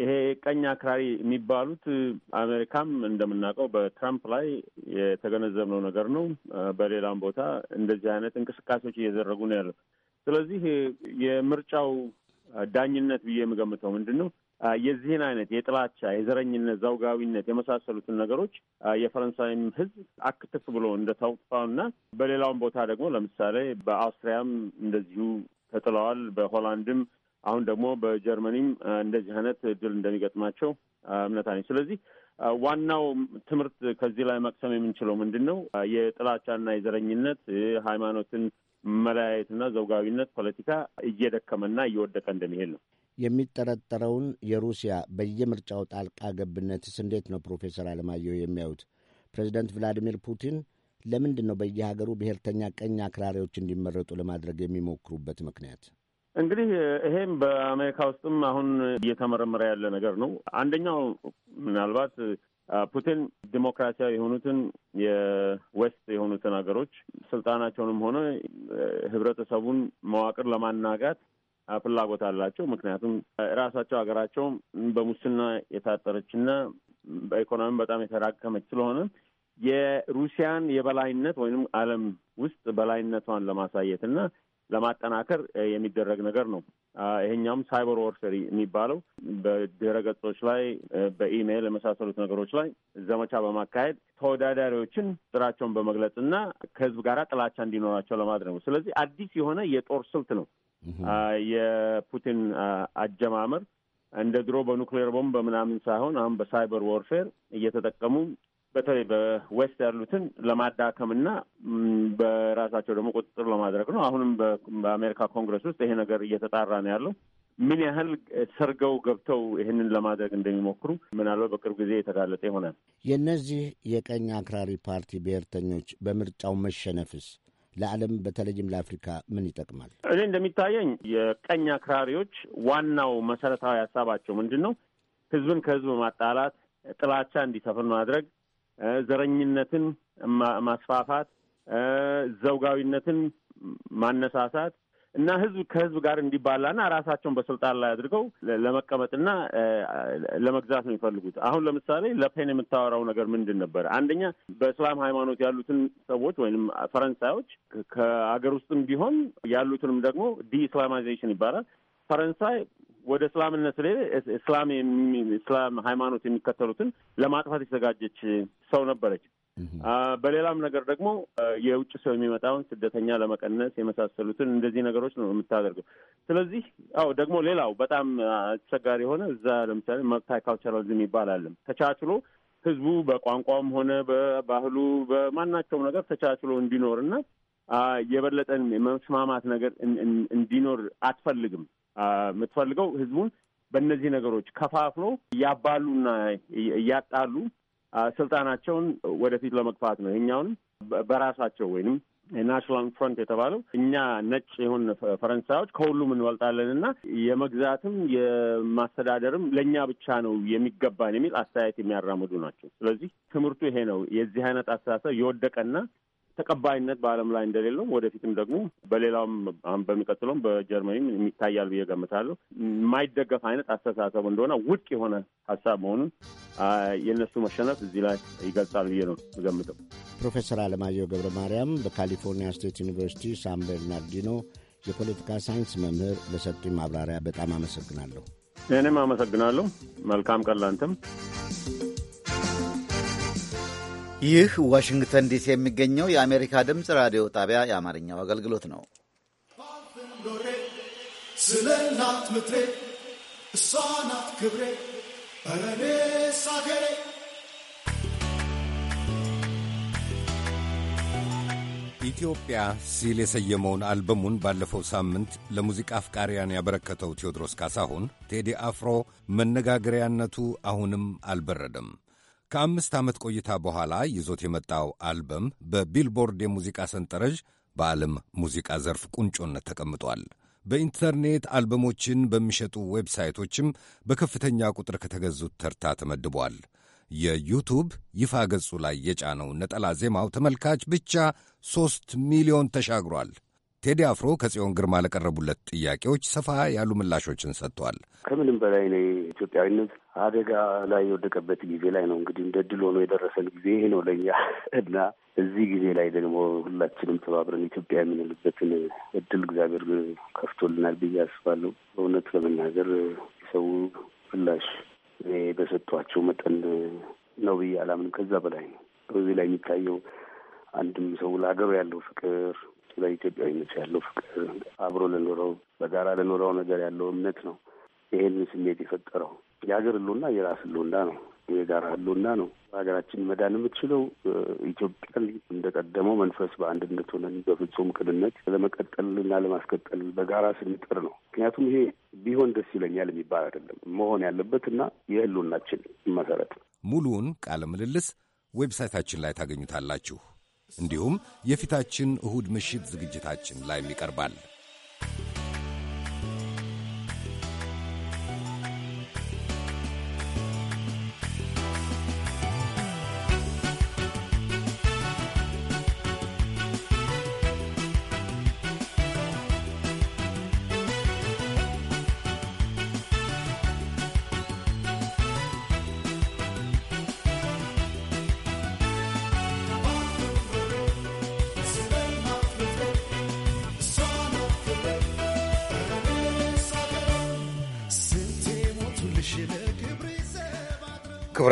ይሄ ቀኝ አክራሪ የሚባሉት አሜሪካም እንደምናውቀው በትራምፕ ላይ የተገነዘብነው ነገር ነው። በሌላም ቦታ እንደዚህ አይነት እንቅስቃሴዎች እየዘረጉ ነው ያለው። ስለዚህ የምርጫው ዳኝነት ብዬ የምገምተው ምንድን ነው የዚህን አይነት የጥላቻ፣ የዘረኝነት፣ ዘውጋዊነት የመሳሰሉትን ነገሮች የፈረንሳይም ሕዝብ አክትፍ ብሎ እንደተውጥፋውና በሌላውም ቦታ ደግሞ ለምሳሌ በአውስትሪያም እንደዚሁ ተጥለዋል። በሆላንድም አሁን ደግሞ በጀርመኒም እንደዚህ አይነት እድል እንደሚገጥማቸው እምነት አለኝ። ስለዚህ ዋናው ትምህርት ከዚህ ላይ መቅሰም የምንችለው ምንድን ነው? የጥላቻና የዘረኝነት ሃይማኖትን መለያየትና ዘውጋዊነት ፖለቲካ እየደከመና እየወደቀ እንደሚሄድ ነው። የሚጠረጠረውን የሩሲያ በየምርጫው ጣልቃ ገብነትስ እንዴት ነው ፕሮፌሰር አለማየሁ የሚያዩት? ፕሬዚደንት ቭላዲሚር ፑቲን ለምንድን ነው በየሀገሩ ብሔርተኛ ቀኝ አክራሪዎች እንዲመረጡ ለማድረግ የሚሞክሩበት ምክንያት? እንግዲህ ይሄም በአሜሪካ ውስጥም አሁን እየተመረመረ ያለ ነገር ነው። አንደኛው ምናልባት ፑቲን ዲሞክራሲያዊ የሆኑትን የዌስት የሆኑትን ሀገሮች ስልጣናቸውንም ሆነ ህብረተሰቡን መዋቅር ለማናጋት ፍላጎት አላቸው። ምክንያቱም ራሳቸው ሀገራቸው በሙስና የታጠረችና በኢኮኖሚ በጣም የተዳከመች ስለሆነ የሩሲያን የበላይነት ወይም ዓለም ውስጥ በላይነቷን ለማሳየት እና ለማጠናከር የሚደረግ ነገር ነው። ይሄኛውም ሳይበር ወርፌር የሚባለው በድረ ገጾች ላይ በኢሜይል የመሳሰሉት ነገሮች ላይ ዘመቻ በማካሄድ ተወዳዳሪዎችን ጥራቸውን በመግለጽ እና ከህዝብ ጋር ጥላቻ እንዲኖራቸው ለማድረግ ነው። ስለዚህ አዲስ የሆነ የጦር ስልት ነው የፑቲን አጀማመር እንደ ድሮ በኑክሌር ቦምብ በምናምን ሳይሆን አሁን በሳይበር ዎርፌር እየተጠቀሙ በተለይ በዌስት ያሉትን ለማዳከም እና በራሳቸው ደግሞ ቁጥጥር ለማድረግ ነው። አሁንም በአሜሪካ ኮንግረስ ውስጥ ይሄ ነገር እየተጣራ ነው ያለው። ምን ያህል ሰርገው ገብተው ይህንን ለማድረግ እንደሚሞክሩ ምናልባት በቅርብ ጊዜ የተጋለጠ ይሆናል። የእነዚህ የቀኝ አክራሪ ፓርቲ ብሔርተኞች በምርጫው መሸነፍስ ለዓለም በተለይም ለአፍሪካ ምን ይጠቅማል? እኔ እንደሚታየኝ የቀኝ አክራሪዎች ዋናው መሰረታዊ ሀሳባቸው ምንድን ነው? ህዝብን ከህዝብ ማጣላት፣ ጥላቻ እንዲሰፍን ማድረግ፣ ዘረኝነትን ማስፋፋት፣ ዘውጋዊነትን ማነሳሳት እና ህዝብ ከህዝብ ጋር እንዲባላና ራሳቸውን በስልጣን ላይ አድርገው ለመቀመጥና ለመግዛት ነው የሚፈልጉት። አሁን ለምሳሌ ለፔን የምታወራው ነገር ምንድን ነበር? አንደኛ በእስላም ሃይማኖት ያሉትን ሰዎች ወይም ፈረንሳዮች ከሀገር ውስጥም ቢሆን ያሉትንም ደግሞ ዲኢስላማይዜሽን ይባላል። ፈረንሳይ ወደ እስላምነት ስለሄደ እስላም ሃይማኖት የሚከተሉትን ለማጥፋት የተዘጋጀች ሰው ነበረች። በሌላም ነገር ደግሞ የውጭ ሰው የሚመጣውን ስደተኛ ለመቀነስ የመሳሰሉትን እንደዚህ ነገሮች ነው የምታደርገው። ስለዚህ አዎ ደግሞ ሌላው በጣም አስቸጋሪ የሆነ እዛ ለምሳሌ መልቲ ካልቸራሊዝም ይባላልም ተቻችሎ ህዝቡ በቋንቋም ሆነ በባህሉ በማናቸውም ነገር ተቻችሎ እንዲኖርና የበለጠን መስማማት ነገር እንዲኖር አትፈልግም። የምትፈልገው ህዝቡን በእነዚህ ነገሮች ከፋፍሎ እያባሉና እያጣሉ ስልጣናቸውን ወደፊት ለመግፋት ነው። ይሄኛውንም በራሳቸው ወይንም ናሽናል ፍሮንት የተባለው እኛ ነጭ የሆን ፈረንሳዮች ከሁሉም እንበልጣለን እና የመግዛትም የማስተዳደርም ለእኛ ብቻ ነው የሚገባን የሚል አስተያየት የሚያራምዱ ናቸው። ስለዚህ ትምህርቱ ይሄ ነው። የዚህ አይነት አስተሳሰብ የወደቀና ተቀባይነት በዓለም ላይ እንደሌለው ወደፊትም ደግሞ በሌላውም በሚቀጥለውም በጀርመኒም የሚታያል ብዬ ገምታለሁ። የማይደገፍ አይነት አስተሳሰብ እንደሆነ ውድቅ የሆነ ሀሳብ መሆኑን የእነሱ መሸነፍ እዚህ ላይ ይገልጻል ብዬ ነው ገምተው። ፕሮፌሰር አለማየሁ ገብረ ማርያም በካሊፎርኒያ ስቴት ዩኒቨርሲቲ ሳን በርናርዲኖ የፖለቲካ ሳይንስ መምህር ለሰጡኝ ማብራሪያ በጣም አመሰግናለሁ። እኔም አመሰግናለሁ። መልካም ቀን ላንተም። ይህ ዋሽንግተን ዲሲ የሚገኘው የአሜሪካ ድምፅ ራዲዮ ጣቢያ የአማርኛው አገልግሎት ነው። ስለ እናት እሷ ናት ክብሬ አገሬ ኢትዮጵያ ሲል የሰየመውን አልበሙን ባለፈው ሳምንት ለሙዚቃ አፍቃሪያን ያበረከተው ቴዎድሮስ ካሳሁን ቴዲ አፍሮ መነጋገሪያነቱ አሁንም አልበረደም። ከአምስት ዓመት ቆይታ በኋላ ይዞት የመጣው አልበም በቢልቦርድ የሙዚቃ ሰንጠረዥ በዓለም ሙዚቃ ዘርፍ ቁንጮነት ተቀምጧል። በኢንተርኔት አልበሞችን በሚሸጡ ዌብሳይቶችም በከፍተኛ ቁጥር ከተገዙት ተርታ ተመድቧል። የዩቱብ ይፋ ገጹ ላይ የጫነው ነጠላ ዜማው ተመልካች ብቻ ሦስት ሚሊዮን ተሻግሯል። ቴዲ አፍሮ ከጽዮን ግርማ ለቀረቡለት ጥያቄዎች ሰፋ ያሉ ምላሾችን ሰጥቷል። ከምንም በላይ እኔ ኢትዮጵያዊነት አደጋ ላይ የወደቀበት ጊዜ ላይ ነው እንግዲህ እንደ ድል ሆኖ የደረሰን ጊዜ ይሄ ነው ለኛ እና እዚህ ጊዜ ላይ ደግሞ ሁላችንም ተባብረን ኢትዮጵያ የምንልበትን እድል እግዚአብሔር ከፍቶልናል ብዬ አስባለሁ። በእውነት ለመናገር ሰው ምላሽ እኔ በሰጥቷቸው መጠን ነው ብዬ አላምንም። ከዛ በላይ ነው በዚህ ላይ የሚታየው አንድም ሰው ለሀገሩ ያለው ፍቅር ስለ ኢትዮጵያዊነት ያለው ፍቅር፣ አብሮ ለኖረው በጋራ ለኖረው ነገር ያለው እምነት ነው ይህን ስሜት የፈጠረው። የሀገር ህልውና የራስ ህልውና ነው፣ የጋራ ህልውና ነው። ሀገራችን መዳን የምትችለው ኢትዮጵያን እንደቀደመው መንፈስ በአንድነት ሆነን በፍጹም ቅንነት ለመቀጠልና ለማስቀጠል በጋራ ስንጥር ነው። ምክንያቱም ይሄ ቢሆን ደስ ይለኛል የሚባል አይደለም መሆን ያለበት እና የህልውናችን መሰረት። ሙሉውን ቃለ ምልልስ ዌብሳይታችን ላይ ታገኙታላችሁ። እንዲሁም የፊታችን እሁድ ምሽት ዝግጅታችን ላይም ይቀርባል።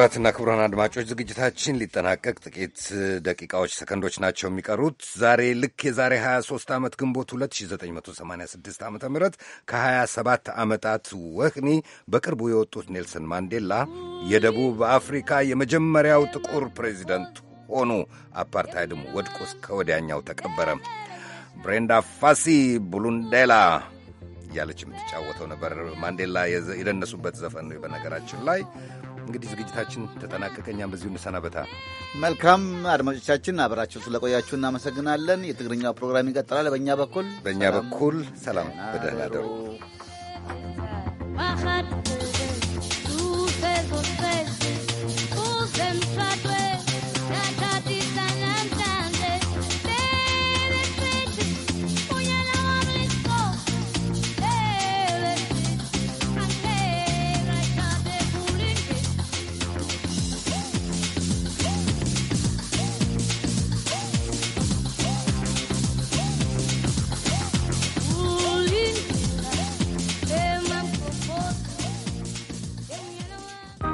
ክቡራትና ክቡራን አድማጮች ዝግጅታችን ሊጠናቀቅ ጥቂት ደቂቃዎች፣ ሰከንዶች ናቸው የሚቀሩት። ዛሬ ልክ የዛሬ 23 ዓመት ግንቦት 2986 ዓ ም ከ27 ዓመታት ወህኒ በቅርቡ የወጡት ኔልሰን ማንዴላ የደቡብ አፍሪካ የመጀመሪያው ጥቁር ፕሬዚደንት ሆኑ። አፓርታይድም ወድቆ እስከ ወዲያኛው ተቀበረ። ብሬንዳ ፋሲ ቡሉንዴላ እያለች የምትጫወተው ነበር። ማንዴላ የደነሱበት ዘፈን ነው በነገራችን ላይ እንግዲህ ዝግጅታችን ተጠናቀቀ። እኛም በዚሁ እንሰናበታ። መልካም አድማጮቻችን፣ አብራችሁ ስለቆያችሁ እናመሰግናለን። የትግርኛው ፕሮግራም ይቀጥላል። በእኛ በኩል በእኛ በኩል ሰላም፣ በደህና ደሩ። واحد